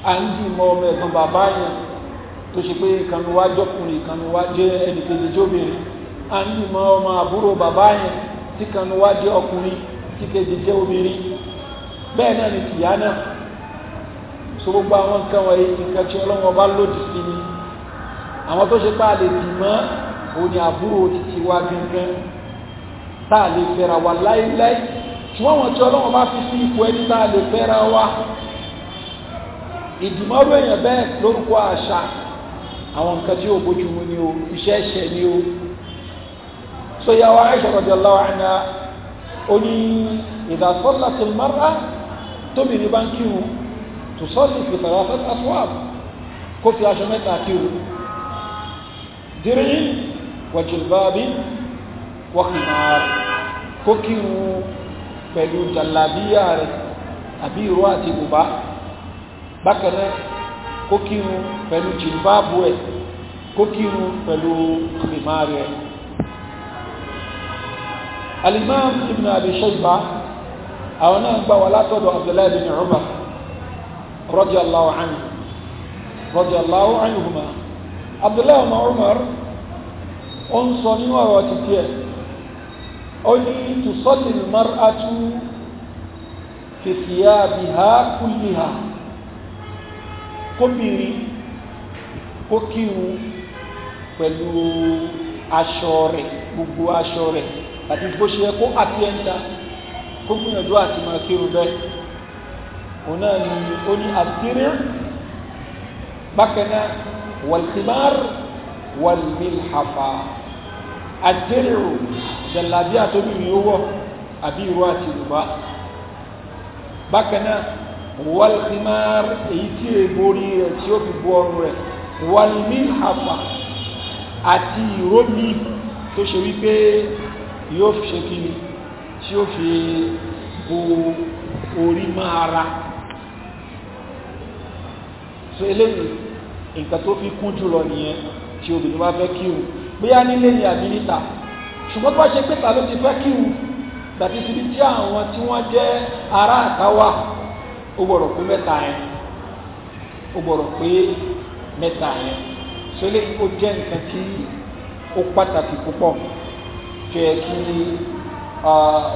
Speaker 1: à ń dì mọ́ ọmọ ẹ̀gbọ́n bàbá yẹn tó ṣe pé kanu wá jọkùnrin kanu wá jẹ́ ẹnìkejì jóbìnrin a ní ìmọ̀ ọmọ àbúrò bàbá yẹn tí kanu wá jẹ́ ọkùnrin tí kejì jẹ́ obìnrin bẹ́ẹ̀ náà ni tìyá náà so gbogbo àwọn nǹkan wọ̀nyí nǹkan tí ọlọ́wọ́ bá lòdì sí ni àwọn tó ṣe pé a lè dì mọ́ òun ni àbúrò títí wá gangan tá a lè fẹ́ra wa láéláé ṣùgbọ́n àwọn tí ọlọ́wọ́ bá fi sí ipò ẹni tá a lè fẹ́ra wa ìdìmọ́rú èèyàn bẹ́ẹ̀ lórúkọ àṣà àwọn nǹkan tí ó bójú mu ni o iṣẹ́ ẹ̀ṣẹ̀ ni o so yàwó Aisha radiyallahu anha ó ní idha sallat al-mar'a tóbi ní bá ń kírun tusalli fi thalathat aswab kó fi aṣọ mẹ́ta kírun dir'in wa jilbabin wa khimar kó kírun pẹ̀lú jàlábíyà rẹ̀ àbí ìró àti bùbá bákan kó kírun pẹ̀lú jìlbáàbù ẹ̀ kó kírun pẹ̀lú kìmárì ẹ̀ alimam ibn abi shayba àwọn náà gbà wà látọ̀dọ̀ abdullahi bin umar radiyallahu anhu radiyallahu anhuma abdullahi bin umar ó ń sọ nínú ọ̀rọ̀ títí ẹ̀ kóbìnrin kó kírun pẹ̀lú aṣọ rẹ̀ gbogbo aṣọ rẹ̀ àti bó ṣe yẹ kó àti ẹ̀ńdà kó gbìyànjú àti máa kírun bẹ́ẹ̀ òun náà ni ó ní àtìrí bákan náà wàlìmílhàfà àtìrí jàlábíà tóbi ni ó wọ̀ àbí ìró àti ìrùbá bákan wàlìmár èyí tí èèbò orí rẹ̀ tí ó fi bu ọrùn rẹ̀ wàlìmíhàfà àti ìró mi tó ṣe wípé yóò fi ṣe kí ni tí ó fi bu orí máa ra so eléyìí nǹkan tó fi kún jùlọ nìyẹn tí obìnrin bá fẹ́ kírun bóyá nílé ni àbí níta ṣùgbọ́n tó bá ṣe pé ta ló ti fẹ́ kírun tàbí síbi tí àwọn tí wọ́n jẹ́ ará àtàwà O gbọ́dọ̀ pé mẹ́ta yẹn ó gbọ́dọ̀ pé mẹ́ta yẹn so o ó jẹ́ nǹkan tí ó pàtàkì púpọ̀ tó yẹ kí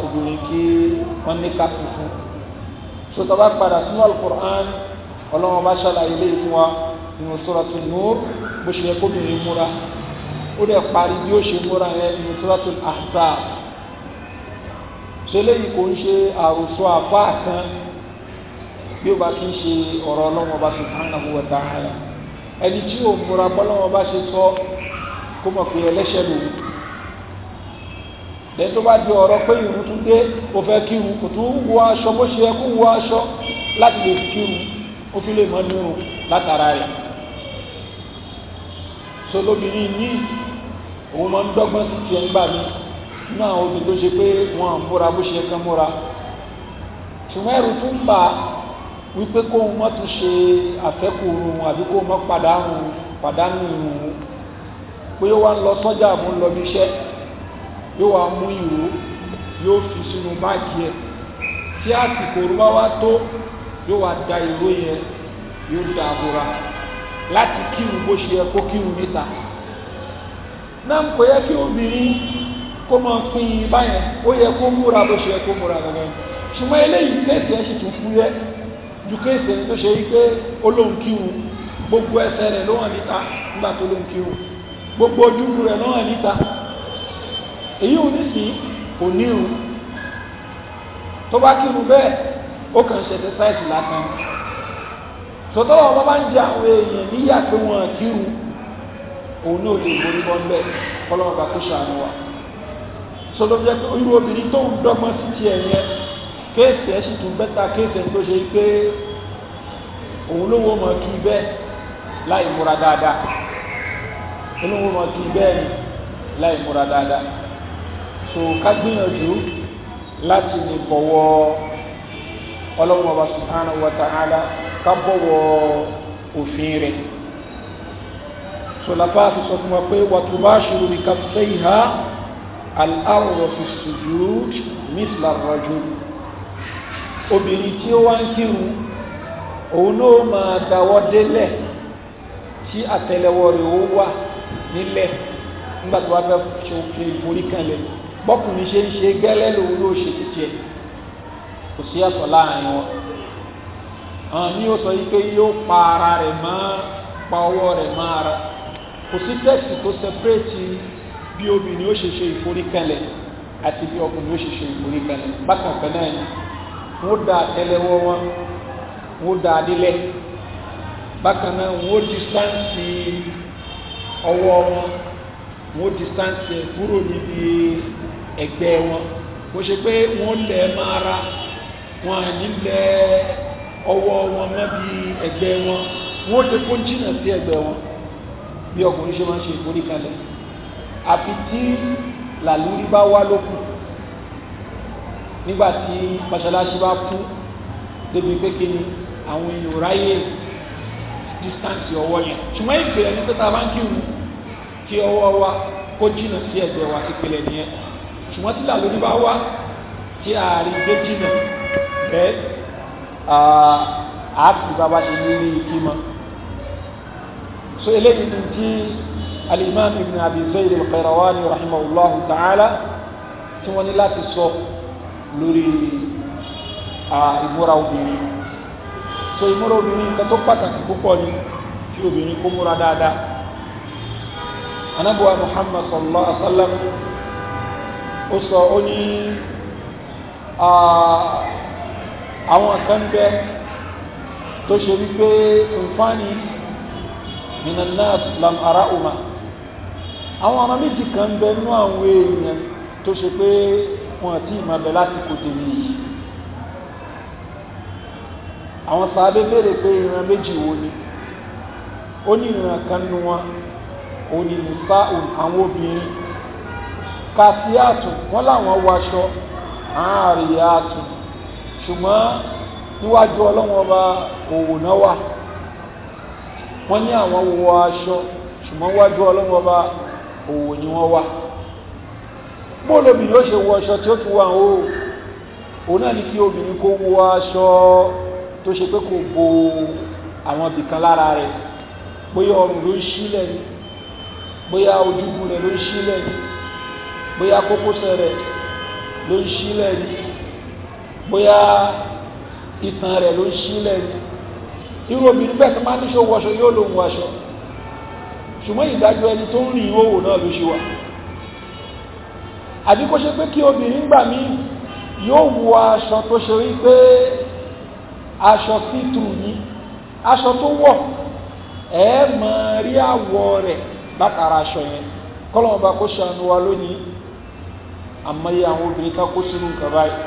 Speaker 1: obìnrin kí wọ́n ní ká funfun so tó bá padà sínú alukur'an ọlọ́wọ́n bá ṣàlàyé eléyìí fún wa nínú Suratul Nur bó ṣe yẹ kóbìnrin múra ó dẹ̀ parí bí ó ṣe múra yẹn nínú Suratul Ahzab so eléyìí kò ń ṣe àròsọ àbá kan bí ó bá kí ń ṣe ọ̀rọ̀ ọlọ́run ọba subhanahu wa ta'ala ẹni tí ò múra bọ́lọ́run ọba ṣe sọ kó mọ̀ pé ẹlẹ́ṣẹ̀ lò ó lẹ́yìn tó bá di ọ̀rọ̀ pé ìrù tún dé ó fẹ́ kírun kò tún wọ aṣọ bó ṣe yẹ kó wọ aṣọ láti lè fi kírun ó tún lè mọ nírun látara rẹ̀ so lóbìnrin ní òun máa ń dọ́gbọ́n sí tiẹ̀ ń gbà mí nínú àwọn obìnrin tó ṣe pé wọ́n á múra bó ṣe yẹ kán múra ṣùgbọ́n ẹ̀rù tún bà wípé kóhun mọ́ tún ṣe àfẹ́kù oorun àbí kóhun mọ́ pàdánù pàdánù ìrùn pé ó wá ń lọ sọ́jà mú lọ bí iṣẹ́ yóò wá mú ìró yóò fi sínú máàkì ẹ̀ tí àsìkò oorun bá wá tó yóò wá da ìró yẹn yóò da àbúra láti kírun bó ṣe yẹ kó kírun níta náà kò yẹ kí obìnrin kó máa pín in báyẹn ó yẹ kó múra bó ṣe yẹ kó múra gangan ṣùgbọ́n eléyìí tẹ̀sí ẹ̀ sì tún fúyẹ́ ju kéèsì ẹni tó ṣe wípé olóhùn kírun gbogbo ẹsẹ̀ rẹ̀ ló hàn níta nígbà tó lóhùn kírun gbogbo ojú rẹ̀ ló hàn níta èyí ò ní sí kò nírun tó bá kírun bẹ́ẹ̀ ó kàn ṣe exercise lásán sọtọ́ ọmọ bá ń jẹ àwọn èèyàn níyà pé wọ́n kírun òun náà lè borí bọ́ bẹ́ẹ̀ kọ́lọ́mọba kó ṣàánú wa sọlọ́jẹ́ pé irú tó ń dọ́gbọ́n kéèsì ẹ̀ sì tún bẹ́ta kéèsì ẹni tó ṣe pé òun lówó mọ̀ kí bẹ́ẹ̀ láì múra dáadáa olówó mọ̀ kí bẹ́ẹ̀ ni láì múra dáadáa so ká gbìyànjú láti ní bọ̀wọ̀ ọlọ́run ọba subhanahu wa ta'ala ká bọ̀wọ̀ òfin rẹ̀ sọlọ́pàá fi sọ fún wa pé watubashiru bi kaffayha al-ardu fi sujud mithla ar obìnrin tí ó wá ń kírun òun náà máa dáwọ́ délẹ̀ tí àtẹ́lẹwọ́ rẹ̀ ó wà nílẹ̀ nígbà tó wá fẹ́ ṣe ìforí kanlẹ̀ bọ́kùnrin ṣe ń ṣe gẹ́lẹ́ lòun ló ṣe kò sí ẹ̀tọ́ láàrin wọn àwọn sọ yìí pé yóò pa ara rẹ̀ mọ́ pa ọwọ́ rẹ̀ mọ́ ara kò sí tẹ́sì tó sẹpẹ́rẹ́tì bí obìnrin ó ṣe ṣe ìforí kanlẹ̀ àti bí ọkùnrin wọ́n da àtẹ́lẹwọ́ wọn wọ́n da adílẹ̀ bákan náà wọ́n distansi ọwọ́ wọn wọ́n distansi ẹ̀ kúrò níbi ẹgbẹ́ wọn kò ṣe pé wọ́n lẹ̀ máa ra wọn nílẹ̀ ọwọ́ wọn mọ́ bí ẹgbẹ́ wọn wọ́n ti kó jìnnà sí ẹgbẹ́ wọn bí ọkùnrin ṣe máa ń ṣe àfi tí làlúrí bá wá lókùn nígbà tí mọ́ṣáláṣí bá kú débi pé kí ni àwọn èèyàn ráyè distance ọwọ́ yẹn ṣùgbọ́n ìpìlẹ̀ ní pẹ́ta bá ń kírun kí ọwọ́ wa kó jìnà sí ẹ̀gbẹ́ wa ìpìlẹ̀ nìyẹn ṣùgbọ́n tí làlórí bá wá
Speaker 3: tí ààrin gbé jìnà bẹ́ẹ̀
Speaker 1: àákì bàbá ṣe ní ní ikí mọ́ so eléyìí ni tí al-imam ibn abi zayd al-qayrawani rahimahullahu ta'ala tí wọ́n ní láti sọ lórí ìmúra obìnrin so ìmúra obìnrin nǹkan tó pàtàkì púpọ̀ ni kí obìnrin kó múra dáadáa anábùwà muhammad sallallahu alaihi wa sallam ó sọ ó ní àwọn kan bẹ tó ṣe wípé nfààní minan nas lam àwọn ọmọ méjì kan bẹ nú àwọn èèyàn tó ṣe pé wọn àti ìmọ̀bẹ̀ lásìkò tèmi yìí àwọn sàábé béèrè pé ìran méjì wo ni ó ní ìran kan wọn òun ni nìsa àwọn obìnrin kàṣíàtù wọn làwọn waṣọ àárìyàtù ṣùgbọ́n níwájú ọlọ́wọ́n ọba òwò náà wà wọ́n ní àwọn wọ aṣọ ṣùgbọ́n níwájú ọlọ́wọ́n ọba òwò ni wọ́n wà bóòlù obìnrin ó ṣe wọ aṣọ tí ó fi wà ó òun náà ní kí obìnrin kó wọ aṣọ tó ṣe pé kò bo àwọn ibìkan lára rẹ̀ bóyá ọrùn ló ń ṣílẹ̀ ni bóyá ojúbu rẹ̀ ló ń ṣílẹ̀ ni bóyá kókósẹ̀ rẹ̀ ló ń ṣílẹ̀ ni bóyá ìtàn rẹ̀ ló ń ṣílẹ̀ ni irú obìnrin bẹ́ẹ̀ tó máa ń ṣe wọṣọ yóò lòun wọṣọ ṣùgbọ́n ìdájọ́ ẹni tó ń rìn ìhòòhò náà ló ṣe wà. àbí kó ṣe pé kí obìnrin gbà mí yóò wọ aṣọ tó ṣe rí pé aṣọ sí tùrù ní aṣọ tó wọ̀ ẹ máa rí àwọ̀ rẹ̀ látara aṣọ yẹn kọ́lọ́mù bá kó ṣàánú wa lónìí àmọ́yé àwọn obìnrin ká kó sínú nǹkan báyìí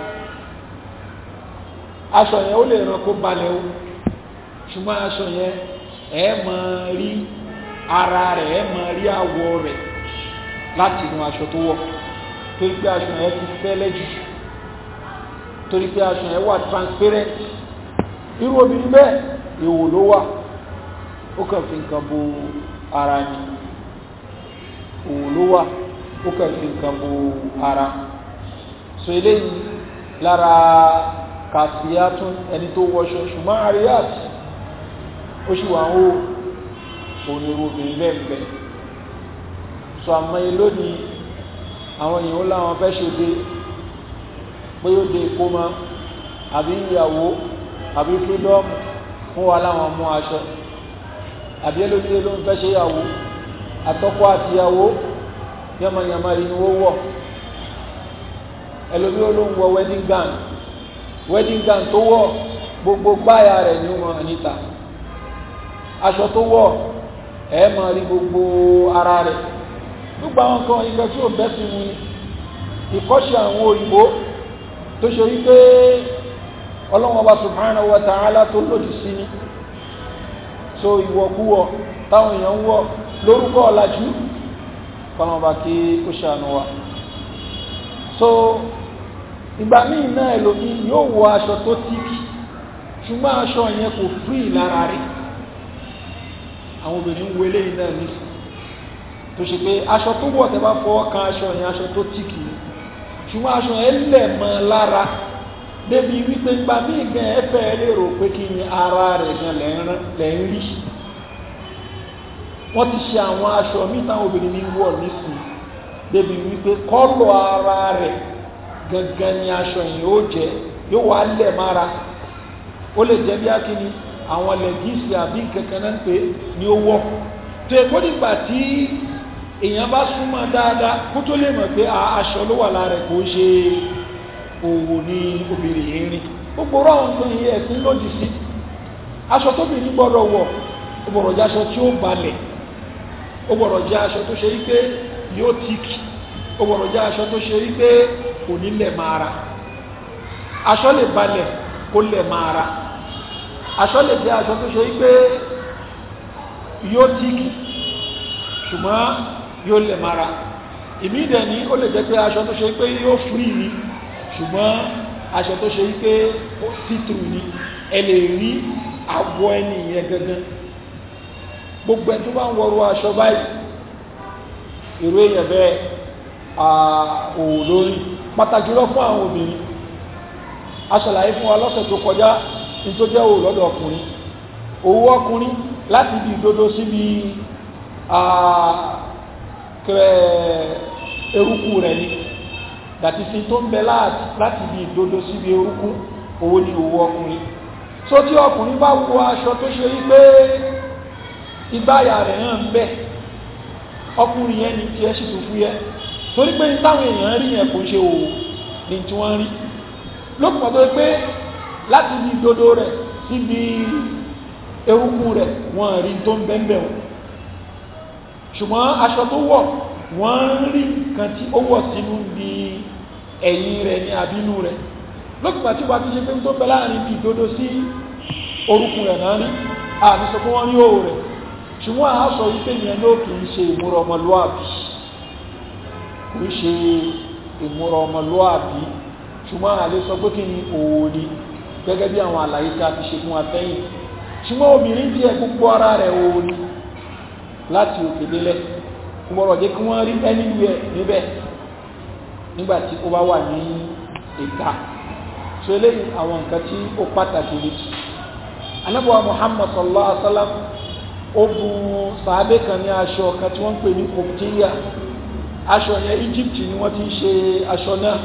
Speaker 1: aṣọ yẹn ó lè ara rẹ̀ ẹ rí àwọ̀ rẹ̀ láti inú aṣọ tó torí pé aṣọ yẹn ti fẹ́lẹ́ jù torí pé aṣọ yẹn wà transparent irú obìnrin bẹ́ẹ̀ èwò ló wà ó kàn fi nǹkan bo ara ni èwò ló wà ó kàn fi nǹkan bo ara so eléyìí lára kàṣíyàtún ẹni tó wọṣọ ṣùgbọ́n àríyàt ó sì wà ń hó onírú obìnrin bẹ́ẹ̀ bẹ́ẹ̀ so àmọ́ ilónìí àwọn èèyàn ó láwọn fẹ́ ṣe dé pé ó dé ìkómọ àbí ìyàwó àbí fírídọ́ọ̀mù fún wa láwọn mú aṣọ àbí ẹlòmíye ló ń fẹ́ ṣe ìyàwó àtọ́kọ àtìyàwó yàmàyàmà yìí ni wọ̀ ẹlòmíye ló ń wọ wedding gown wedding gown tó wọ̀ gbogbo gbáyà rẹ̀ ni wọ́n níta aṣọ tó wọ̀ ẹ̀ máa rí gbogbo ara rẹ̀ nígbà àwọn kan ìgbà tí ó bẹ́sìn mu ni ìkọ́ṣe àwọn òyìnbó tó ṣe rí pé ọlọ́wọ́n bá subhanahu wa ta'ala tó lòdì sí ni so ìwọ̀kúwọ̀ táwọn èèyàn ń wọ̀ lórúkọ ọ̀làjú kọlọ́mọba kí ó ṣàánú wa so ìgbà míì náà ẹlòmí yóò wọ aṣọ tó tíkì ṣùgbọ́n aṣọ yẹn kò fún ìlara rẹ̀ àwọn obìnrin ń wọlé náà nísì tó ṣe pé aṣọ tó wọ̀ tẹ́ bá fọwọ́ kan aṣọ yẹn aṣọ tó tíkì ni ṣùgbọ́n aṣọ yẹn lẹ̀ mọ́ lára débi wípé gba míì gan ẹ fẹ́ lérò pé kí ni ara rẹ̀ gan lẹ̀ ń rí wọ́n ti ṣe àwọn aṣọ míì táwọn obìnrin ní wọ̀ nísìnyí débi wípé kọ́lọ̀ ara rẹ̀ gangan ni aṣọ yìí ó jẹ yóò wá lẹ̀ mára ó lè jẹ́ bí akíní àwọn lẹ́gíìsì àbí kankan náà ń pè ó wọ̀ tó ẹ̀kọ́ nígbà tí èèyàn bá súnmọ́ dáadáa kó tó lè mọ̀ pé ah, aṣọ ló wà lára kò ṣe òwò ní obìnrin yìí rìn gbogbo ráhùn pé ẹ̀sìn lòdì sí aṣọ tóbìnrin gbọ́dọ̀ wọ̀ ó gbọ́dọ̀ jẹ́ aṣọ tí ó balẹ̀ ó gbọ́dọ̀ jẹ́ aṣọ tó ṣe wípé yóò tíkì ó gbọ́dọ̀ jẹ́ aṣọ tó ṣe wípé kò ní lẹ̀ tó ṣe yóò yóò lè mara ìmí ìdẹ̀ ni ó lè jẹ́ pé aṣọ tó ṣe pé yóò fúrì ní ṣùgbọ́n aṣọ tó ṣe pé ó sítìrù ní ẹ lè rí àwọ̀ ẹni yẹn gangan gbogbo ẹni tó bá ń wọrú aṣọ báyìí èrò èèyàn bẹ́ẹ̀ òwò pàtàkì lọ fún àwọn obìnrin aṣàlàyé fún wa lọ́sẹ̀ tó kọjá ní tó jẹ́ òwò ọkùnrin òwò ọkùnrin láti ibi ìdodo síbi eruku rẹ̀ ni dati sí tó ń bẹ láti bí ìdodo síbi eruku owó ni owó ọkùnrin tó tí ọkùnrin bá wọ aṣọ tó ṣe wípé ìgbáyà rẹ̀ náà ń bẹ ọkùnrin yẹn ni tí ẹ sì tún fúyẹ́ torí pé táwọn èèyàn rí yẹn kò ṣe òwò ní tí wọ́n rí lópin ọ̀tọ́ pé láti bí ìdodo rẹ̀ síbi eruku rẹ̀ wọ́n rí tó ń bẹ́ẹ̀ bẹ́ẹ̀ wọn ṣùgbọ́n aṣọ tó wọ̀ wọ́n ń rí nǹkan tí ó wọ̀ sínú bí ẹ̀yìn rẹ̀ ní àbínú rẹ̀ lókùnbà tí wà ti ṣe pé tó bẹ láàrin bí ìdodo sí orúkún rẹ̀ náà rí àmì sọ pé wọ́n rí òwò rẹ̀ ṣùgbọ́n a sọ wípé yẹn ló kì í ṣe ìmúra ọmọlúwàbí wa fẹ́yìn ṣùgbọ́n obìnrin díẹ̀ gbogbo ara rẹ̀ òwò ni láti òkè délẹ̀ gbọ́dọ̀ jẹ́ kí wọ́n rí ẹni wí ẹ̀ níbẹ̀ nígbà tí ó bá wà ní ìta so eléyìí àwọn nǹkan tí ó pàtàkì ni anábọ̀ Muhammad sallallahu alaihi wa sallam ó bu sàábé kan ní aṣọ kan tí wọ́n ń pè ní kòkìtìyà aṣọ yẹn Egypt ni wọ́n ti ń ṣe aṣọ náà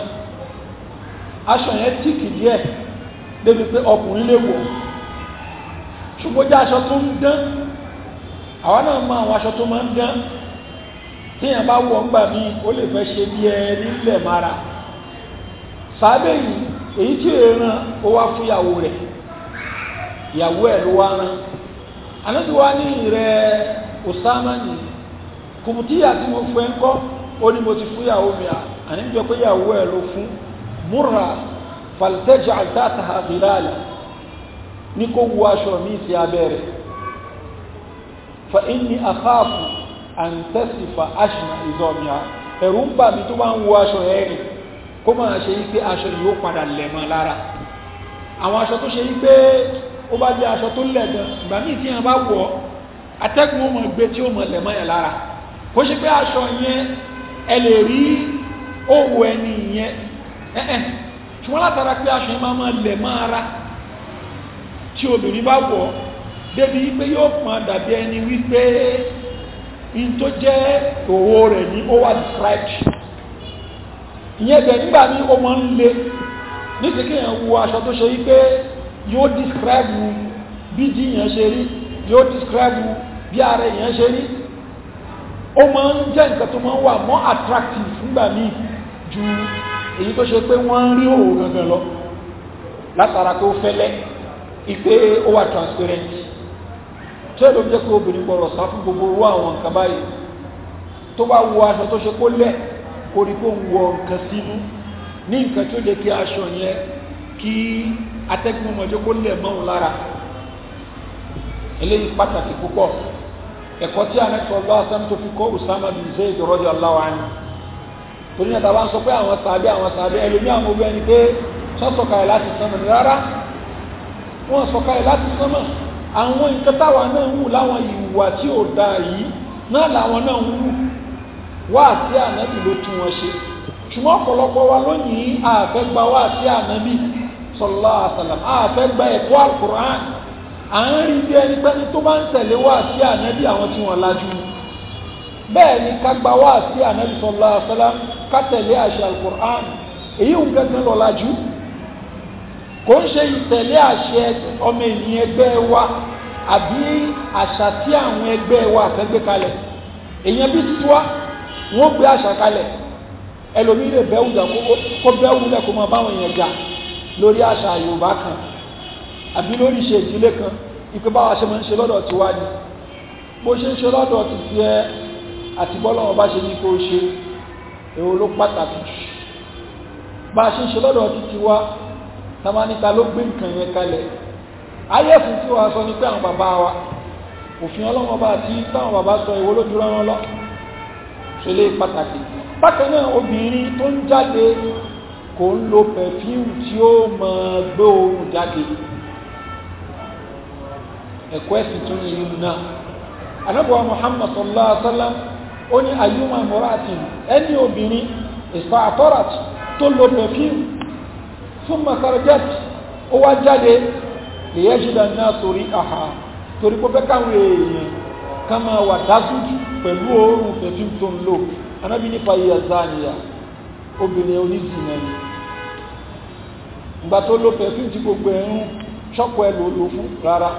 Speaker 1: aṣọ yẹn tìkì díẹ̀ débi pé ọkùnrin lè wọ̀ ṣùgbọ́n jẹ́ aṣọ tó ń dán àwa náà mọ àwọn aṣọ tó máa ń dán téèyàn bá wọ̀ ńgbà míì ó lè fẹ́ ṣe bí ẹni ńlẹ̀ mara sábẹ́ yìí èyí tí èèyàn ó wá fún ìyàwó rẹ̀ ìyàwó ẹ̀ ló wá rán ànábi ní ìrẹ́ Osama ní kùmùtíyà tí mo fún ń kọ́ ó ní mo ti fún ìyàwó mi àníjọ pé ìyàwó ẹ̀ ló fún múra faltẹ́jà àtàtà àbílàlà ní kó wu aṣọ mi sí abẹ́rẹ́ فإني أخاف أن تسف أشنى عظامها ẹ̀rù ń bà mí tó bá ń wo aṣọ ẹ̀ rìn kó máa ṣe wípé aṣọ yìí ó padà lẹ̀ mọ́ lára àwọn aṣọ tó ṣe wípé ó bá jẹ́ aṣọ tó lẹ̀ gan ìgbà míì tí yẹn bá wọ̀ atẹ́gùn ó mọ̀ gbé tí ó mọ̀ lẹ̀ mọ́ yẹn lára kó ṣe pé aṣọ yẹn ẹ lè rí òwò ẹni ṣùgbọ́n látara pé aṣọ yẹn máa mọ̀ lẹ̀ mọ́ ara tí obìnrin bá wọ̀ ọ́ débi wípé yóò pọn dàbí ẹni wípé in tó jẹ́ òwò rẹ̀ ní over described ìyẹn bẹ̀ nígbà ní ó mọ́ ń le nítorí èèyàn wo aṣọ tó ṣe wípé yóò describe bí jí èèyàn ṣe rí yóò describe bí ara èèyàn ṣe rí ó máa ń jẹ́ nǹkan tó máa ń wà more attractive nígbà míì ju èyí tó ṣe pé wọ́n ń rí òwò gangan lọ látara kó fẹ́lẹ́ ìpé ó wà transparent tó ló jẹ́ kó obìnrin gbọ́rọ̀ sá gbogbo owó àwọn nǹkan báyìí tó bá wọ aṣọ tó ṣe kó lẹ̀ kó rí kó ń wọ nǹkan sínú ní nǹkan jẹ́ kí aṣọ yẹn kí atẹ́gùn jẹ́ kó lẹ̀ lára pàtàkì púpọ̀ ẹ̀kọ́ tí a nẹ́tọ̀ lọ́wọ́ sẹ́m tó fi kọ́ Usama bin Zayd àwọn sàbẹ́ àwọn sàbẹ́ ẹlòmí àwọn obìnrin pé láti rárá wọ́n láti àwọn nǹkan táwa náà wù láwọn ìwà tí ò dáa yìí náà làwọn náà wù wá àti ànábì ló tún wọn ṣe ṣùgbọ́n ọ̀pọ̀lọpọ̀ wa lónìí àfẹ́ gba wá àti ànábì sallallahu alaihi wasallam àfẹ́ gba ẹ̀kọ́ alukur'an à ń rí bí ẹni pẹ́ni tó bá ń tẹ̀lé wá àti ànábì àwọn tí wọ́n lajú bẹ́ẹ̀ ni ká gba wá àti ànábì sallallahu alaihi wasallam ká tẹ̀lé àṣà alukur'an èyí ò ń gẹ́gẹ́ lọ́lajú kò ń ṣe ìtẹ̀lé àṣẹ ọmọ ènìyàn ẹgbẹ́ wa àbí àṣà tí àwọn ẹgbẹ́ wa fẹ́ gbé kalẹ̀ èèyàn bí tiwa wọ́n gbé àṣà kalẹ̀ ẹlòmíì lè bẹ́ẹ̀ wùdà kó bẹ́ẹ̀ wùlẹ̀ kó máa báwọn èèyàn jà lórí àṣà Yorùbá kan àbí lórí ìṣe ìdílé kan ìpé báwa ṣe máa ń ṣe lọ́dọ̀ tiwa ni bó ṣe ń ṣe lọ́dọ̀ ti ti ẹ àti bọ́lọ́wọ́ bá ṣe ní kó ṣe èrò ló pàtàkì bá ṣe ń ṣe lọ́dọ̀ ti tiwa tamanika ló gbé nǹkan yẹn kalẹ̀ ayẹ́sìn tí wàá sọ ni pé àwọn bàbá wa òfin ọlọ́wọ́n bá ti táwọn bàbá sọ ìwó ló dúró wọn lọ ṣe lé pàtàkì bákan náà obìnrin tó ń jáde kò ń lo pẹ̀fíù tí ó mọ gbé ohun jáde ẹ̀kọ́ ẹ̀sìn tó ní ìlú náà anábọ̀wá Muhammad sallallahu alaihi wa sallam ó ní ayúmọ̀ mọ́ràtì ẹni obìnrin ìfà àtọ́ràtì tó lo pẹ̀fíù ثم خرجت ó wá jáde ليجد الناس ريحها aha pé káwọn èèyàn ká máa wà oorun pẹ̀fíìm lọ obìnrin ìgbà tó lo pẹ̀fíìm tí gbogbo ẹ̀rún ṣọ́kọ ẹ̀ ló fún rárá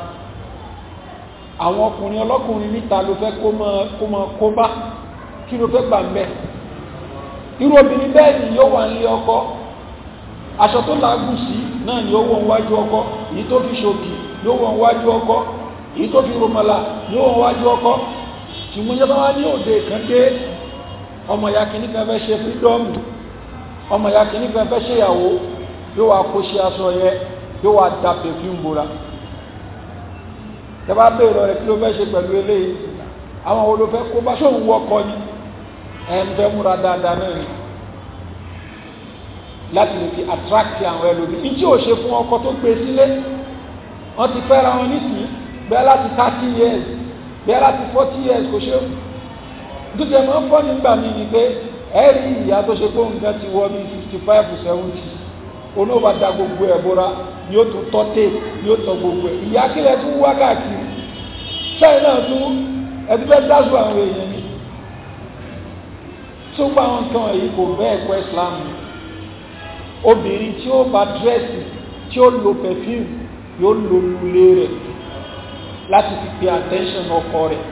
Speaker 1: àwọn ọkùnrin ọlọ́kùnrin níta ló fẹ́ kó kó bá kí ọkọ aṣọ tó làágùn sí náà ni ó wọ̀ níwájú ọkọ èyí tó fi ṣòkì yóò wọ̀ níwájú ọkọ èyí tó fi romala yóò wọ̀ níwájú ọkọ ṣùgbọ́n yẹn bá wá ní òde kan dé ọmọ ìyá kìíní kan fẹ́ ṣe fídọ́ọ̀mù ọmọ ìyá kìíní kan fẹ́ ṣèyàwó yóò wá kó ṣe aṣọ yẹn yóò wá da pẹ̀fíùmù bora tẹ bá béèrè rẹ kí ló fẹ́ ṣe pẹ̀lú eléyìí àwọn olùfẹ́ kó bá ṣòwò ọkọ ni ẹ̀ ń fẹ́ múra dáadáa náà láti lè fi attract àwọn ẹlòmí ní tí ò ṣe fún ọkọ tó gbé sílé wọ́n ti fẹ́ra wọn nísìnyí bẹ́ẹ̀ láti thirty years bẹ́ẹ̀ láti forty years kò ṣe dúdẹ máa ń fọ́ nígbà mi ni pé ẹ̀rí ìyá tó ṣe pé nǹkan ti wọ ní fifty five seventy onóba da gbogbo ẹ̀ bóra yóò tún tọ́ tape yóò tọ́ gbogbo ẹ̀ ìyá kílẹ̀ tún wá káàkiri sẹ́yìn náà tún ẹ̀dúgbẹ́ dáṣù àwọn èèyàn mi tó gba àwọn nǹkan yìí kò bẹ́ẹ̀ kọ́ Islam obìnrin tí ó bá dírẹ́sì tí ó lo perfume yóò lo lulé rẹ̀ láti fi pe attention ọkọ rẹ̀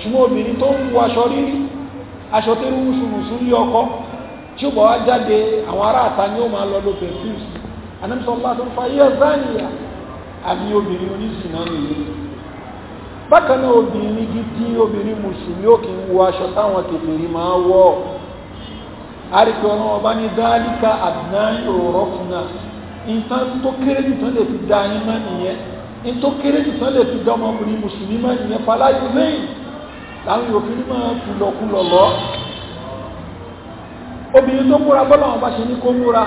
Speaker 1: ṣùgbọ́n obìnrin tó ń wo aṣọ rírí aṣọ tó rú ṣùmùṣù lé ọkọ tí ó bọ̀ wá jáde àwọn ará àta ni ó máa lọ lo perfume anamsọ́lá tó ń fa yẹ́ zaniya àmì obìnrin oníṣìnà nìyí bákan náà obìnrin gidi obìnrin mùsùlùmí ó kì ń wo aṣọ táwọn kèfèrí máa wọ̀ ọ́ àríkè ọ̀rọ̀ ọba ní dáálíkà àdínà ìrọ̀rọ̀ fúnà nǹkan tó kéré jù tán lè fi da yín mọ́ nìyẹn nǹkan tó kéré jù tán lè fi da ọmọkùnrin mùsùlùmí mọ́ nìyẹn faláyé lẹ́yìn láwọn òfin máa kùlọ̀kùlọ̀ lọ obìnrin tó múra bọ́lá wọn bá ṣe ní kó múra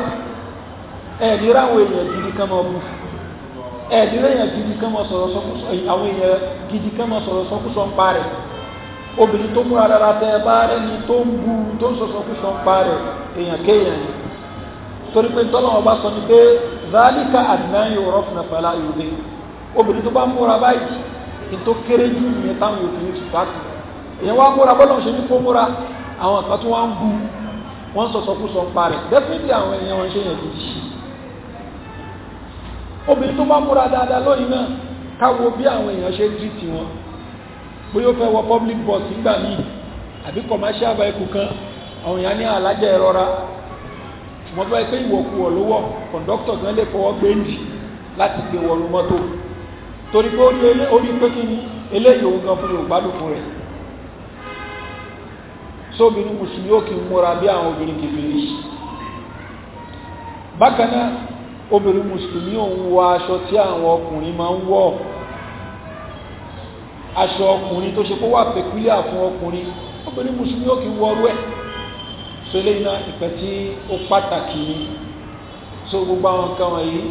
Speaker 1: èèyàn gidi kan máa sọ̀rọ̀ ń obìnrin tó múra rárá tẹ bá rẹni tó ń bu tó ń sọsọ kú sọǹpa rẹ èèyàn kéèyàn ni torí pé tọ́lọ́wọ́ bá sọ ni pé zálíkà àdìmáyé ọ̀rọ̀ fúnà fàlà ìwé obìnrin tó bá múra báyìí ní tó kéré jù ìyẹn definitely àwọn èèyàn wọn ṣe yẹn gidi obìnrin tó bá múra dáadáa lónìí náà bí àwọn èèyàn ṣe ń tìtì wọn bóyá ó fẹ́ wọ public bus nígbà míì àbí commercial vehicle kan àwọn èèyàn ní alájà ìrora wọ́n fẹ́ pé ìwọ̀kù wọ̀ ló wọ̀ gan lè fọwọ́ gbé nì láti gbé mọ́tò torí pé ó rí pé kí ni eléyìí òun gan fún yorùbá dùn fún rẹ̀ sóbìnrin mùsùlùmí ó kì í múra bí àwọn obìnrin bákan náà obìnrin mùsùlùmí òun wọ aṣọ tí àwọn ọkùnrin máa ń wọ̀ aṣọ ọkùnrin tó ṣe kó wà pẹ̀kúlíà fún ọkùnrin obìnrin mùsùlùmí ó kì í wọrú ẹ̀ so eléyìí náà nǹkan tí ó pàtàkì ni so gbogbo àwọn nǹkan wọ̀nyí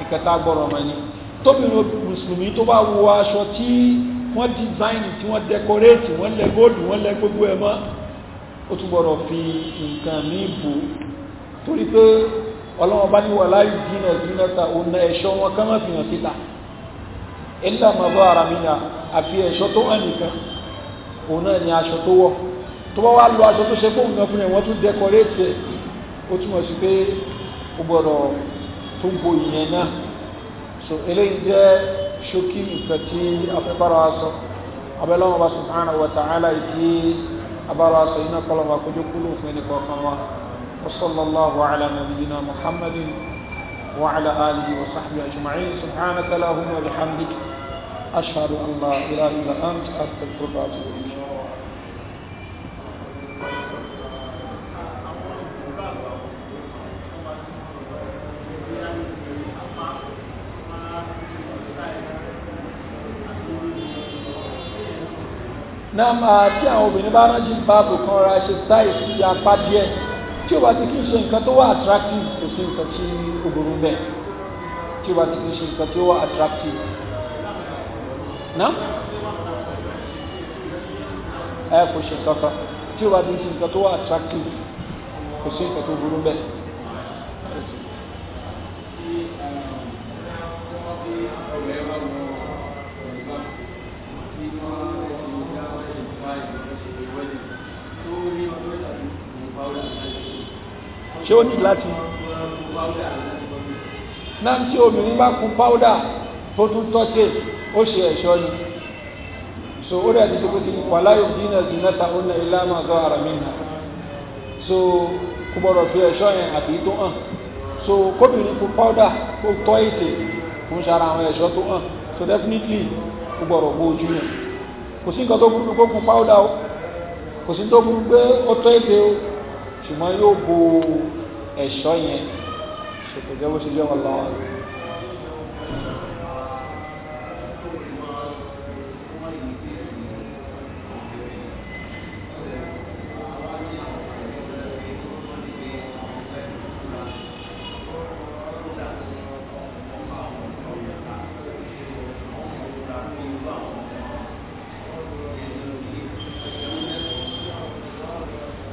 Speaker 1: nǹkan tá a gbọ́dọ̀ mọ̀ ni tóbìnrin mùsùlùmí tó bá wọ aṣọ tí wọ́n design tí wọ́n decorate wọ́n lẹ góòlù wọ́n lẹ gbogbo ẹ̀ mọ́ ó tún gbọ́dọ̀ fi nǹkan míì bò torí pé ọlọ́wọ́n bá ní wàhálà ìdínà ìdínà ta òun náà ẹ̀ṣọ́ wọn ká má fi hàn síta ilé ọmọbọ ara mi na àfi ẹ̀ṣọ́ tó hàn nìkan òun náà ni aṣọ tó wọ̀ tó bá wá lo aṣọ tó ṣe fóun náà fún ẹ wọ́n tún dẹkọrétì ẹ̀ ó túmọ̀ sí pé ó gbọ́dọ̀ tó ń bo ìyẹn náà so eléyìí jẹ́ ṣókí nǹkan tí afẹ́bára wa sọ abẹ́lẹ́wọ̀n wa subhanahu wa ta'ala ìdí abára wa sọ iná kọlọ̀ wa kójú kúlò fún ẹnì kọ̀ọ̀kan wa wa sallallahu ala nabiyyina muhammadin وعلى آله وصحبه أجمعين سبحانك اللهم وبحمدك أشهد أن لا إله إلا أنت أستغفرك وأتوب إليك
Speaker 2: نعم máa ah, tí àwọn
Speaker 3: obìnrin bá rán
Speaker 1: jí báàbò kan ra tí o bá ti kí n ṣe nǹkan tó wà attractive kò sí nǹkan tí ó burú bẹ́ẹ̀ tí o bá ti kí n ṣe nǹkan tí ó wà attractive
Speaker 2: ná ẹ kò
Speaker 1: ṣe nǹkan kan tí o bá ti ṣe nǹkan tó wà attractive kò sí nǹkan tó burú bẹ́ẹ̀.
Speaker 2: ṣé ó ní láti náà tí obìnrin bá kun powder
Speaker 1: tó tún tọ́tẹ̀ ó ṣe ẹ̀ṣọ́ ni so ó dẹ̀ ti ṣe pé kí ni wàláyò dínà sí mẹ́ta ó na ilá máa tọ́ ara mi nà so kò gbọ́dọ̀ fi ẹ̀ṣọ́ yẹn àti tó hàn so kóbìnrin kun powder tó tọ́ ètè kò ń ṣara àwọn ẹ̀ṣọ́ tó hàn so definitely kò gbọ́dọ̀ bó ojú yẹn kò sí nǹkan tó burú kó kun powder o kò sí tó burú pé ó tọ́ ètè o ṣùgbọ́n yóò bo ẹ̀ṣọ́
Speaker 2: yẹn ṣètò jẹ́ bó ṣe jẹ́ wọn lọ́wọ́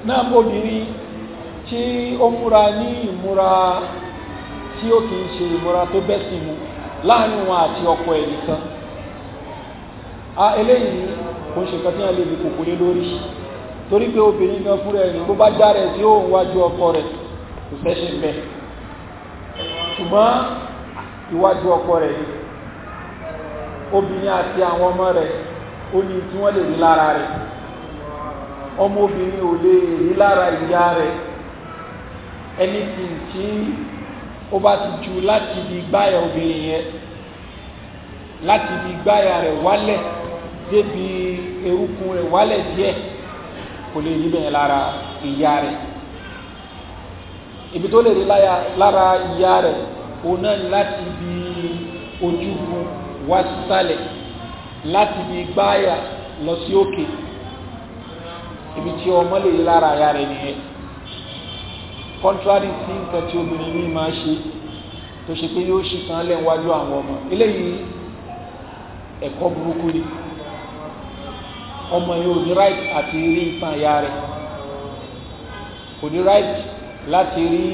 Speaker 1: náà obìnrin ó múra ní ìmúra tí ó kìí ṣe ìmúra tó bẹ́sìn mu láàrin wọn àti ọkọ ẹ̀ nìkan a eléyìí kò ṣe nǹkan tí wọn lè fi kòkó lé lórí torí pé obìnrin gan fúnra ẹni tó bá já rẹ tí ó ń wájú ọkọ rẹ kò sẹ́ṣin bẹ́ẹ̀ ṣùgbọ́n ìwájú ọkọ rẹ ni obìnrin àti àwọn ọmọ rẹ ó ní tí wọ́n lè rí lára rẹ ọmọ obìnrin ò lè rí lára ìyá rẹ anything tí ó bá ti ju láti ibi gbáyà obìnrin yẹn láti ibi gbáyà rẹ̀ wálẹ̀ débi erúkún rẹ̀ wálẹ̀ díẹ̀ kò lè rí bẹ́ẹ̀ lára ìyá rẹ̀ ibi tó lè rí lára ìyá rẹ̀ òun náà láti ibi ojúgun wá sísàlẹ̀ láti ibi gbáyà lọ sí òkè ibi tí ọmọ lè rí lára ìyá rẹ̀ nìyẹn contrary sí nǹkan tí obìnrin mi máa ṣe tó ṣe pé yóò ṣì kan lẹ́wájú àwọn ọmọ eléyìí ẹ̀kọ́ burúkú ni ọmọ yìí ò ní right àti rí ìtàn ìyá rẹ̀ kò ní right láti rí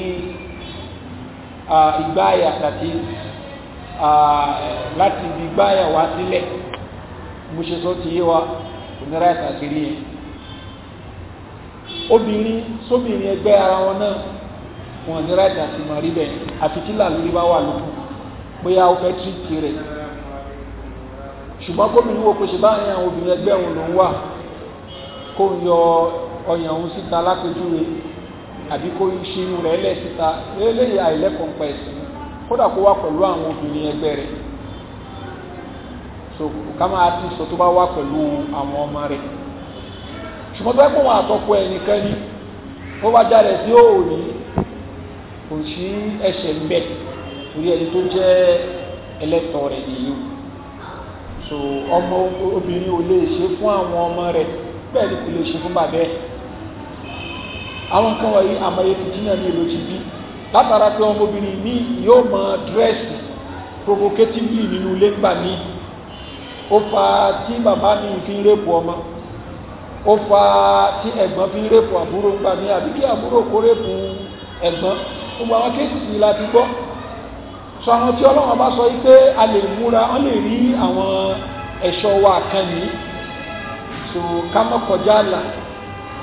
Speaker 1: ìgbáyà àti láti ibi ìgbáyà wá sílẹ̀ mo ṣe sọ ti yé wa kò ní right àti rí yẹn obìnrin sóbìnrin ẹgbẹ́ ara wọn náà wọn ní ráìtì àti mọ̀ rí bẹ́ẹ̀ àfi tí làlórí bá wà lókun bóyá ó fẹ́ tírìtì rẹ̀ ṣùgbọ́n gómìnà wo kò ṣe báyìí àwọn obìnrin ẹgbẹ́ òun ló ń wà kó ń yọ ọyàn òun síta lápẹjúwe àbí kó ṣe irun rẹ̀ lẹ̀ síta eléyìí àìlẹ́kọ̀ọ́ pa ẹ̀sìn kódà kó wà pẹ̀lú àwọn obìnrin ẹgbẹ́ rẹ̀ so ká máa ti sọ tó bá wà pẹ̀lú àwọn ọmọ rẹ̀ ṣùgbọ́n tó ẹ̀kọ́ wọn àtọ́kọ ẹnìkan ó bá jáde sí òòrùn kò sí ẹsẹ̀ ńbẹ torí ẹni tó jẹ́ ẹlẹ́tọ̀ rẹ̀ nìyí so ọmọ obìnrin ò lè ṣe fún àwọn ọmọ rẹ̀ bẹ́ẹ̀ ni kò lè ṣe fún bàbá ẹ̀ àwọn kan wọ̀nyí àmọye fìtínà ní èlò ti bí látara pé ọmọbìnrin ní yóò mọ dírẹ́sì provocatively nínú ilé gbà ní ó fa tí bàbá mi fi ń rèpò ọmọ ó fa tí ẹ̀gbọ́n fi ń rèpò àbúrò gbà ní àbí kí àbúrò kó rèpò ẹ̀gbọ́n gbogbo àwọn kéèsìsì la ti gbọ́ so àwọn tí ọlọ́wọ́n bá sọ wípé a lè múra wọ́n lè rí àwọn ẹ̀ṣọ́ wa kan yìí so ká mọ́ kọjá là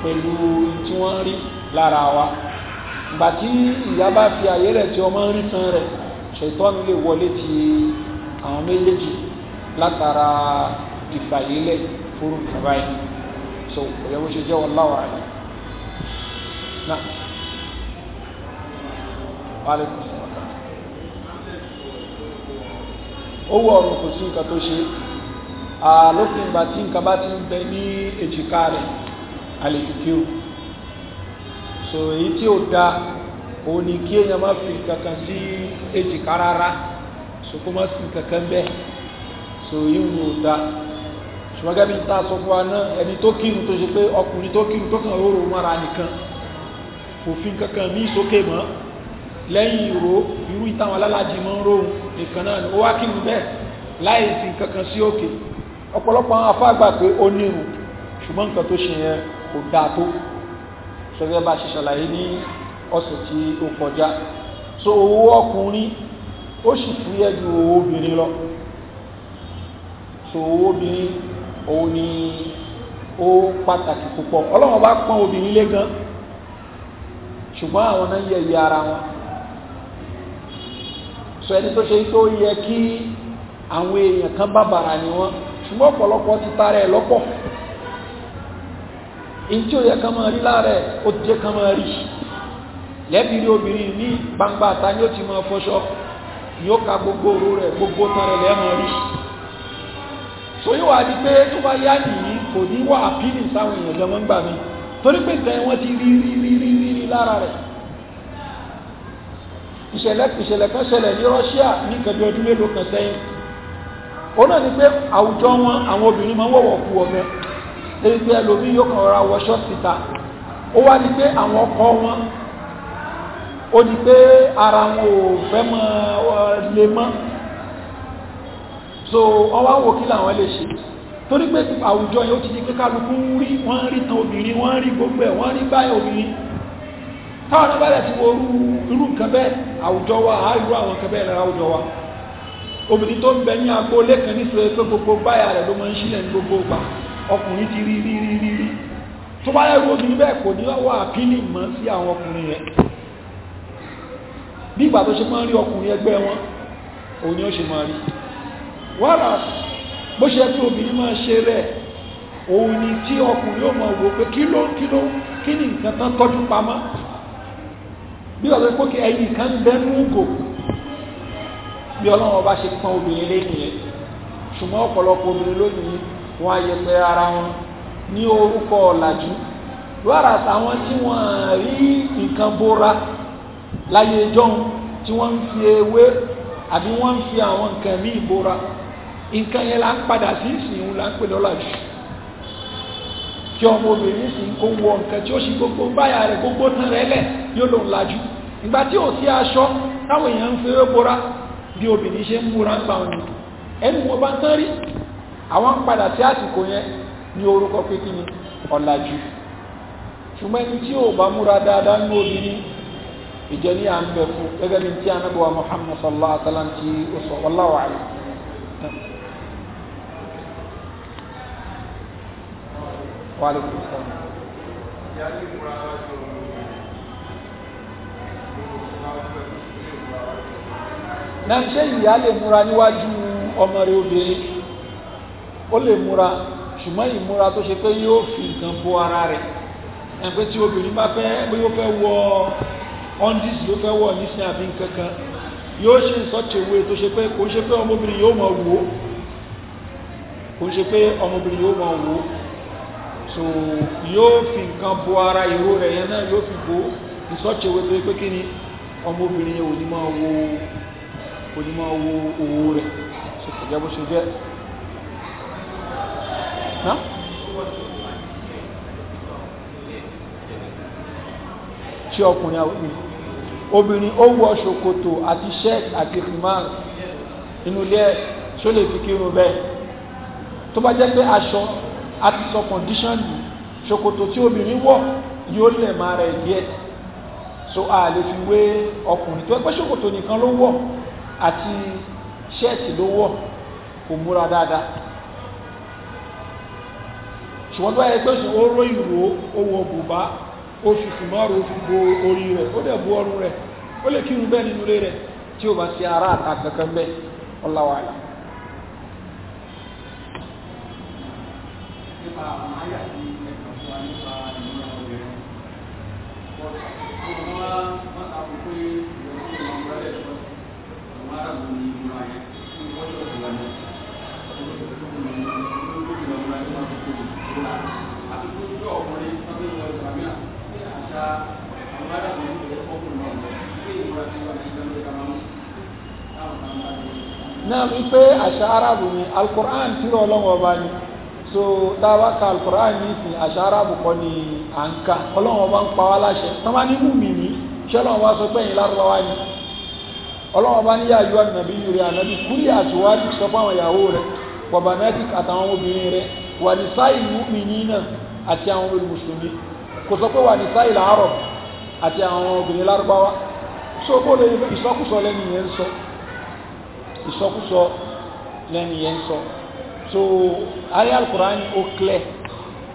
Speaker 1: pẹ̀lú tí wọ́n rí lára wa ìgbà tí ìyá bá fi àyè rẹ̀ tí ọmọ ń rí tan rẹ̀ ṣètọ́nu lè wọlé ti àwọn méjèèjì látara ìfàyílẹ̀ fúrú kàbáyé so ìyẹ́wó
Speaker 2: ṣe jẹ́ wọ́n láwàá rẹ̀ náà owó ọ̀run kò sí
Speaker 1: nǹkan tó ṣe àlófin ìgbà tí nǹkan bá ti ń bẹ ní èjìká rẹ̀ àlèkìkí o so èyí tí ó da òun ni kí èèyàn má fi nǹkan sí èjìká rárá so kó má sí nǹkan kan so yíò ní ó da ṣùgbọ́n gẹ́gẹ́ bí ta sọ fún wa náà ẹni tó kírun tó ṣe pé ọkùnrin tó kírun tó kàn róró mọ́ra nìkan kò fi ní sókè mọ́ lẹ́yìn ìró irú ìtàwọn alálàájì mọ́ ń róhun nìkan náà ni ó wá kírun bẹ́ẹ̀ láì sí kankan sí òkè ọ̀pọ̀lọpọ̀ àwọn afágbà pé ó nírun ṣùgbọ́n nǹkan tó ṣe yẹn kò dáa tó sọ́gẹ́ bá ṣe ṣàlàyé ní ọ̀sẹ̀ tí ó kọjá so owó ọkùnrin ó sì fúyẹ́ ju owó obìnrin lọ so owó obìnrin òun ni ó pàtàkì púpọ̀ ọlọ́run bá pọ́n obìnrin lé gan ṣùgbọ́n àwọn náà yẹ̀yẹ́ ara wọn sọ ẹni tó ṣe tó yẹ kí àwọn èèyàn kan bàbàrà ni wọ́n ṣùgbọ́n ọ̀pọ̀lọpọ̀ ti tara ẹ̀ lọ́pọ̀ èyí tí ó yẹ kan máa rí láàrẹ̀ ó ti jẹ́ kan máa rí lẹ́bi rí obìnrin ní gbangba àta ni ó ti máa fọṣọ ni ó ka gbogbo òru rẹ̀ gbogbo tán rẹ̀ lẹ́mọ̀ rí so yóò wá di pé tó bá yá nìyí kò ní wá àpínì sáwọn èèyàn jọmọ́ ń gbà mí torí pé tẹ́ wọ́n ti rí rí rí rí lára rẹ̀ ìṣẹ̀lẹ̀ ìṣẹ̀lẹ̀ kan ṣẹlẹ̀ ní Russia ní kẹjọ ọdún mélòó kan sẹ́yìn ó náà ni pé àwùjọ wọn àwọn obìnrin máa ń wọ̀wọ̀ kú ọmọ lórí pé ẹlòmí yóò kàn ra wọṣọ síta ó wá ní pé àwọn ọkọ wọn ó ní pé ara wọn ò fẹ́ mọ́ lè mọ́ so wọ́n wá wò kí làwọn lè ṣe torí pé àwùjọ yẹn ó ti di pé kálukú rí wọ́n rí tan obìnrin wọ́n rí gbogbo ẹ̀ wọ́n rí báyìí obìnrin táwọn náà bá lẹ̀ ti wọ́n irú nǹkan bẹ́ẹ̀ àwùjọ wa á àwọn nǹkan bẹ́ẹ̀ lára àwùjọ wa obìnrin tó ń bẹ ní agbó lẹ́kàn ní sọ pé gbogbo báyà rẹ̀ ló máa ń sílẹ̀ ní gbogbo ìgbà ọkùnrin ti rí rí rí rí rí tó bá kò ní wá mọ́ sí àwọn ọkùnrin bí ìgbà tó ṣe máa rí ọkùnrin ẹgbẹ́ wọn òun ni ó ṣe rí wàrà bó ṣe tí bí ọ̀rọ̀ pé kí ẹyin kan bẹ́nu gò bí ọlọ́run ọba ṣe pọn obìnrin lẹ́yìn yẹn ṣùgbọ́n ọ̀pọ̀lọpọ̀ obìnrin lónìí wọn ayẹpẹ ara wọn ní orúkọ ọ̀làjú lọ́ra táwọn tí wọ́n rí nǹkan bóra láyé jọ́hun tí wọ́n ń fi ewé àbí wọ́n ń fi àwọn nǹkan míì bóra nǹkan yẹn la ń padà sí ìsìn la ń pè lọ́làjú kí ọmọ obìnrin sì ń kó wọ nǹkan tí ó ṣe gbogbo báyà rẹ̀ gbogbo tán rẹ̀ lẹ̀ yóò lòun lajú ìgbà tí ò sí aṣọ táwọn èèyàn ń fi ewé bora bí obìnrin ṣe ń múra ń gbà wọn ẹnu wọn bá ń tán rí àwọn padà sí àsìkò yẹn ní orúkọ pé kí ni ọ̀làjú ṣùgbọ́n ẹni tí ò bá múra dáadáa ní obìnrin ìjẹ ní à gẹ́gẹ́ bí tí anábọ̀wá Muhammad sallallahu alaihi wa sallam
Speaker 3: ti sọ
Speaker 2: náà ṣé ìyá
Speaker 1: lè múra níwájú ọmọ rẹ̀ obìnrin ó lè múra ṣùgbọ́n ìmúra tó ṣe pé yóò fi nǹkan bo ara rẹ̀ ẹgbẹ́ tí obìnrin bá fẹ́ pé ó fẹ́ wọ ọ́ndís ló fẹ́ wọ nísìnyí àbí kankan yóò ṣe sọ́tẹ̀wé tó ṣe pé kò ń ṣe pé ọmọbìnrin yóò máa wò kò ń ṣe pé ọmọbìnrin yóò máa wò so yóò fi nǹkan bo ara ìró rẹ̀ yẹn náà yóò fi bo ìsọ́tẹ̀wé tó ṣe pé kí ni ọmọbìnrin
Speaker 2: yẹn onímọ̀ wo onímọ̀ wo owó rẹ̀ ṣe kò jẹ́ bó ṣe jẹ́ náà
Speaker 1: ṣe ọkùnrin àwọn obìnrin obìnrin ó wọ ṣòkòtò àti shirt àti khimar inú ilé ẹ̀ ṣó lè fi kírun bẹ́ẹ̀ tó bá jẹ́ pé aṣọ àti sọ condition ṣòkòtò tí obìnrin wọ̀ yóò lẹ̀ máa rẹ̀ díẹ̀ so a lè fi wé ọkùnrin tó ẹgbẹ́ ṣòkòtò nìkan ló wọ̀ àti ṣẹ́ẹ̀tì ló wọ̀ kò múra dáadáa ṣùgbọ́n tó ẹgbẹ́ sùn ó ró ìró ó wọ bùbá ó fi fùmọ́rù ó fi bo orí rẹ̀ ó dẹ̀ bu ọrùn rẹ̀ ó lè kírun bẹ́ẹ̀ nínú ilé rẹ̀ tí ó bá sí ara àta kankan bẹ́ẹ̀ ọláwà àlà
Speaker 2: nípa àwọn àyà tí ẹ̀kọ́ fún wa nípa ìmúra obìnrin
Speaker 1: náà wípé àṣà arábù ni alukur'an tí ọlọ́wọ́ bá ní so dáwà ka alukur'an ní ìsìn àṣà arábù kọ́ ni à ń ka ọlọ́wọ́ bá ń pa wá láṣẹ tọ́wá ní mú mi ní ṣé ọlọ́wọ́ bá sọ pé ẹ̀yin lárúbáwá ni ọlọ́wọ́ bá ní yá yọ ànábì yìí rẹ̀ ànábì kúlẹ̀ àtiwájú sọ fún àwọn ìyàwó rẹ̀ bọ̀bà àtàwọn obìnrin rẹ̀ wà ní sáìlì mu'minina àti àwọn obìnrin mùsùlùmí kò sọ pé wà ní sáìlì arab àti àwọn obìnrin lárúbáwá so kó lè ìsọkúsọ lẹ́nu yẹn sọ ìsọkúsọ lẹ́nu yẹn sọ so ayé alukurani ó clear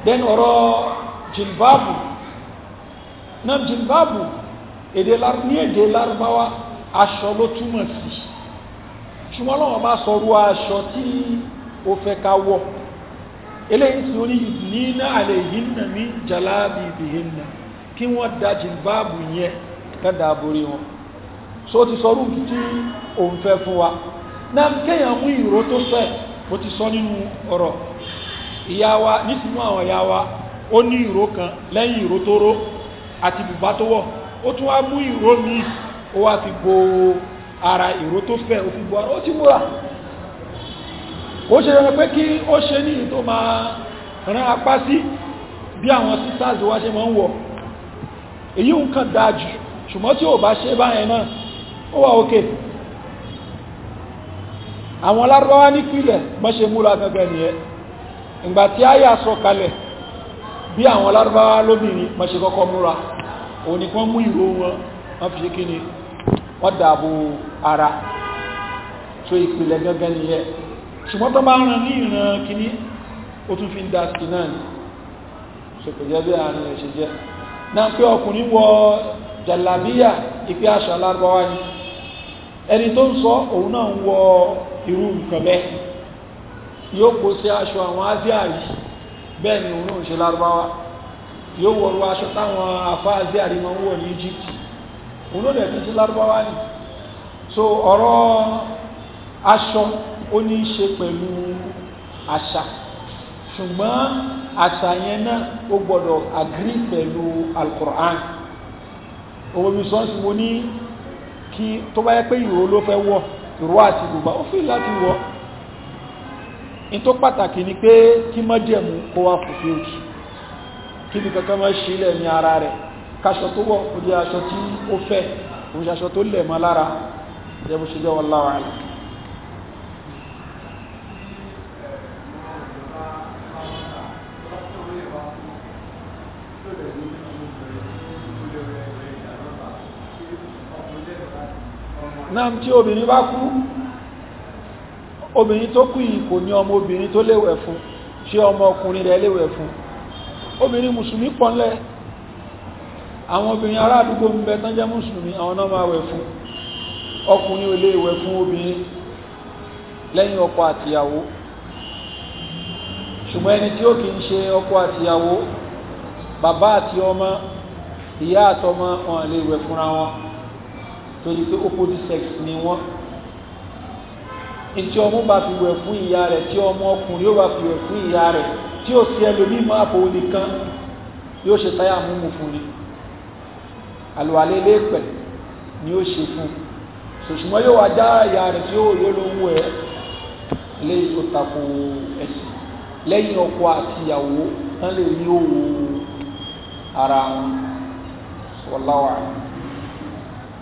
Speaker 1: then ọ̀rọ̀ jilbabu náà jilbabu ní èdè lárúbáwá aṣọ ló túmọ̀ sí ṣùgbọ́n lọ́wọ́ bá sọ rú aṣọ tí ó fẹ́ ká wọ̀ eléyìí sì orí yudnina alayhinna min jalabibihinna kí wọ́n da jìlbáàbù yẹn kẹ́dà borí wọn so ti sọ rúùtù tí òun fẹ́ fún wa náà kéèyàn mú ìró tó fẹ́ bó ti sọ nínú ọ̀rọ̀ wa àwọn ó ní ìró kan lẹ́yìn ìró tó ró àti bùbá tó wọ̀ ó tún wá mú ìró míì ó fi bo ara ìró tó fẹ́ ó fi ara ó ti múra ó ṣe rẹ̀ pé kí ó ṣe ní tó máa ran apá sí bí àwọn sisters wá ṣe máa ń wọ̀ èyí ń kàn dájú ṣùgbọ́n tí ó bá ṣe báyẹn náà ó wà òkè àwọn lárúbáwá ní pílẹ̀ mọ́ ṣe múra gangan nìyẹn ìgbà tí a yà sọ kalẹ̀ bí àwọn lárúbáwá lóbìnrin mọ́ ṣe kọ́kọ́ múra òun ni wọ́n mú ìró wọn wọ́n fi ṣe kí ni wọ́n dàbò ara tó ìpìlẹ̀ gangan nìyẹn ṣùgbọ́n tó bá ràn ní ìran kìíní ó tún fi ń da sí náà ni so kò jẹ́ bí àárín rẹ̀ ṣe jẹ́ náà pé ọkùnrin wọ jàlábíyà ìpé àṣà lárúbáwá ni ẹni tó ń sọ òun náà ń wọ irú nǹkan bẹ́ẹ̀ yóò kó sí aṣọ àwọn ásíà yìí bẹ́ẹ̀ ni òun ṣe lárúbáwá yóò wọ ọrọ̀ aṣọ táwọn afá ásíà rí máa ń wọ ní Egypt òun náà dẹ̀ ti ṣe lárúbáwá ni so ọ̀rọ̀ aṣọ ó ní í ṣe pẹ̀lú àṣà ṣùgbọ́n àṣà yẹn náà ó gbọ́dọ̀ agri pẹ̀lú alukur'an owó mi sọ sí mo ní kí tó bá yẹ pé ìró ló fẹ́ wọ̀ ìró àti bùbá ó fi láti wọ̀ ní tó pàtàkì ni pé kí májẹ̀mú kó wá fulfilled kí ni kankan máa ṣe ilẹ̀ ara rẹ̀ kaṣọ tó wọ̀ kò jẹ́ aṣọ tí ó fẹ́ kò jẹ́ aṣọ tó lẹ̀ mọ́ lára jẹ́ bó ṣe jẹ́ wallahu a'lam
Speaker 2: náà tí obìnrin bá kú
Speaker 1: obìnrin tó kú yìí kò ní ọmọ obìnrin tó léwẹ̀ fún ṣe ọmọ ọkùnrin rẹ̀ léwẹ̀ fún obìnrin mùsùlùmí pọ̀nlẹ̀ àwọn obìnrin ará àdúgbò ń bẹ tán jẹ́ mùsùlùmí àwọn náà máa wẹ̀ fún ọkùnrin ò lè fún obìnrin lẹ́yìn ọkọ àtìyàwó ṣùgbọ́n ẹni tí ó kì ń ṣe ọkọ àtìyàwó bàbá àti ọmọ ìyá àtọmọ wọn lè wẹ̀ fúnra wọn torí pé opposite sex ni wọ́n tí ọmọ bá fi wẹ̀ fún ìyá rẹ̀ tí ọmọ ọkùnrin yóò bá fi wẹ̀ fún ìyá rẹ̀ tí ó sí ẹlòmí máa bò nìkan yóò ṣe táyà múmu fún ni àlùwàlẹ́ lẹ́pẹ̀ ni ó ṣe fún ṣùṣùmọ́ yóò wá já ìyá rẹ̀ tí ó yóò ló ń lé tó ẹ̀sìn lẹ́yìn ọkọ àti ìyàwó tán lè rí òwò ara wọn wallahu a'lam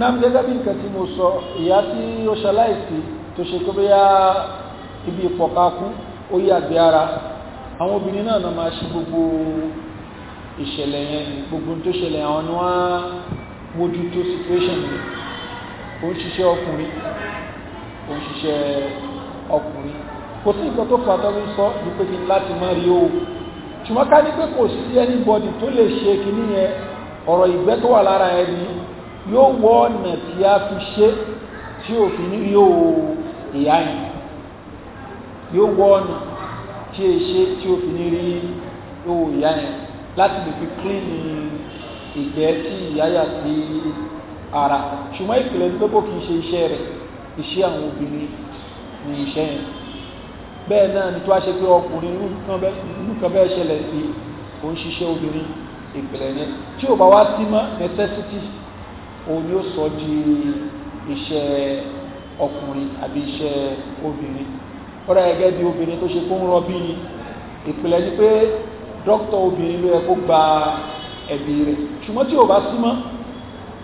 Speaker 1: náà gẹ́gẹ́ bí nǹkan tí mo sọ ìyá tí ó ṣaláìsí tó ṣe pé bóyá ibi ìpọ̀kákú ó yàgbé ara àwọn obìnrin náà náà máa ṣe gbogbo ìṣẹ̀lẹ̀ yẹn ni gbogbo tó ṣẹlẹ̀ àwọn ni wọ́n mójú tó situation yẹn ó ń ṣiṣẹ́ ọkùnrin ó ń ṣiṣẹ́ ọkùnrin kò sí nǹkan tó fàtọ́ ń sọ ní kí láti má rí o ṣùgbọ́n ká ní pé kò sí anybody tó lè ṣe kinní yẹn ọ̀rọ̀ ìgbẹ́ tó wà lára ẹni yóò wọ ọ̀nà tí a fi ṣe tí òfin ní yóò ìyá yìí yóò wọ ọ̀nà tí e ṣe tí òfin ní rí yóò ìyá yẹn láti lè fi kílìnì ìgbẹ́ tí ìyá yà sí ara ṣùgbọ́n ìpìlẹ̀ ní pẹ́pọ̀ kì í ṣe iṣẹ́ rẹ̀ iṣẹ́ àwọn obìnrin ní iṣẹ́ yẹn bẹ́ẹ̀ náà ni tó wá ṣe pé ọkùnrin nǹkan bẹ́ẹ̀ ṣẹlẹ̀ sí òun ṣiṣẹ́ obìnrin ìpìlẹ̀ yẹn tí ò bá wá sí mọ́ necessity òun ni ó sọ di iṣẹ́ ọkùnrin àbí iṣẹ́ obìnrin kọ́dà gẹ́gẹ́ bí obìnrin tó ṣe kó ń rọbí ni ìpìlẹ̀ ni pé dókítà obìnrin ló yẹ kó gba ẹ̀bí rẹ̀ ṣùgbọ́n tí ò bá sí mọ́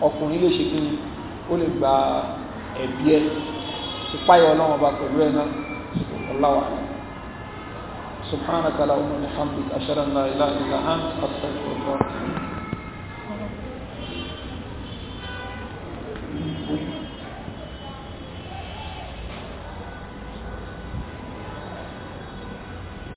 Speaker 1: ọkùnrin lè ṣe kí ni ó lè gba ẹ̀bí ẹ̀ ìpáyọ̀ ọlọ́run ọba pẹ̀lú ẹ̀ náà ọláwà subhanaka lahumma wa bihamdika ashhadu an la ilaha illa anta astaghfiruka wa
Speaker 3: Thank you.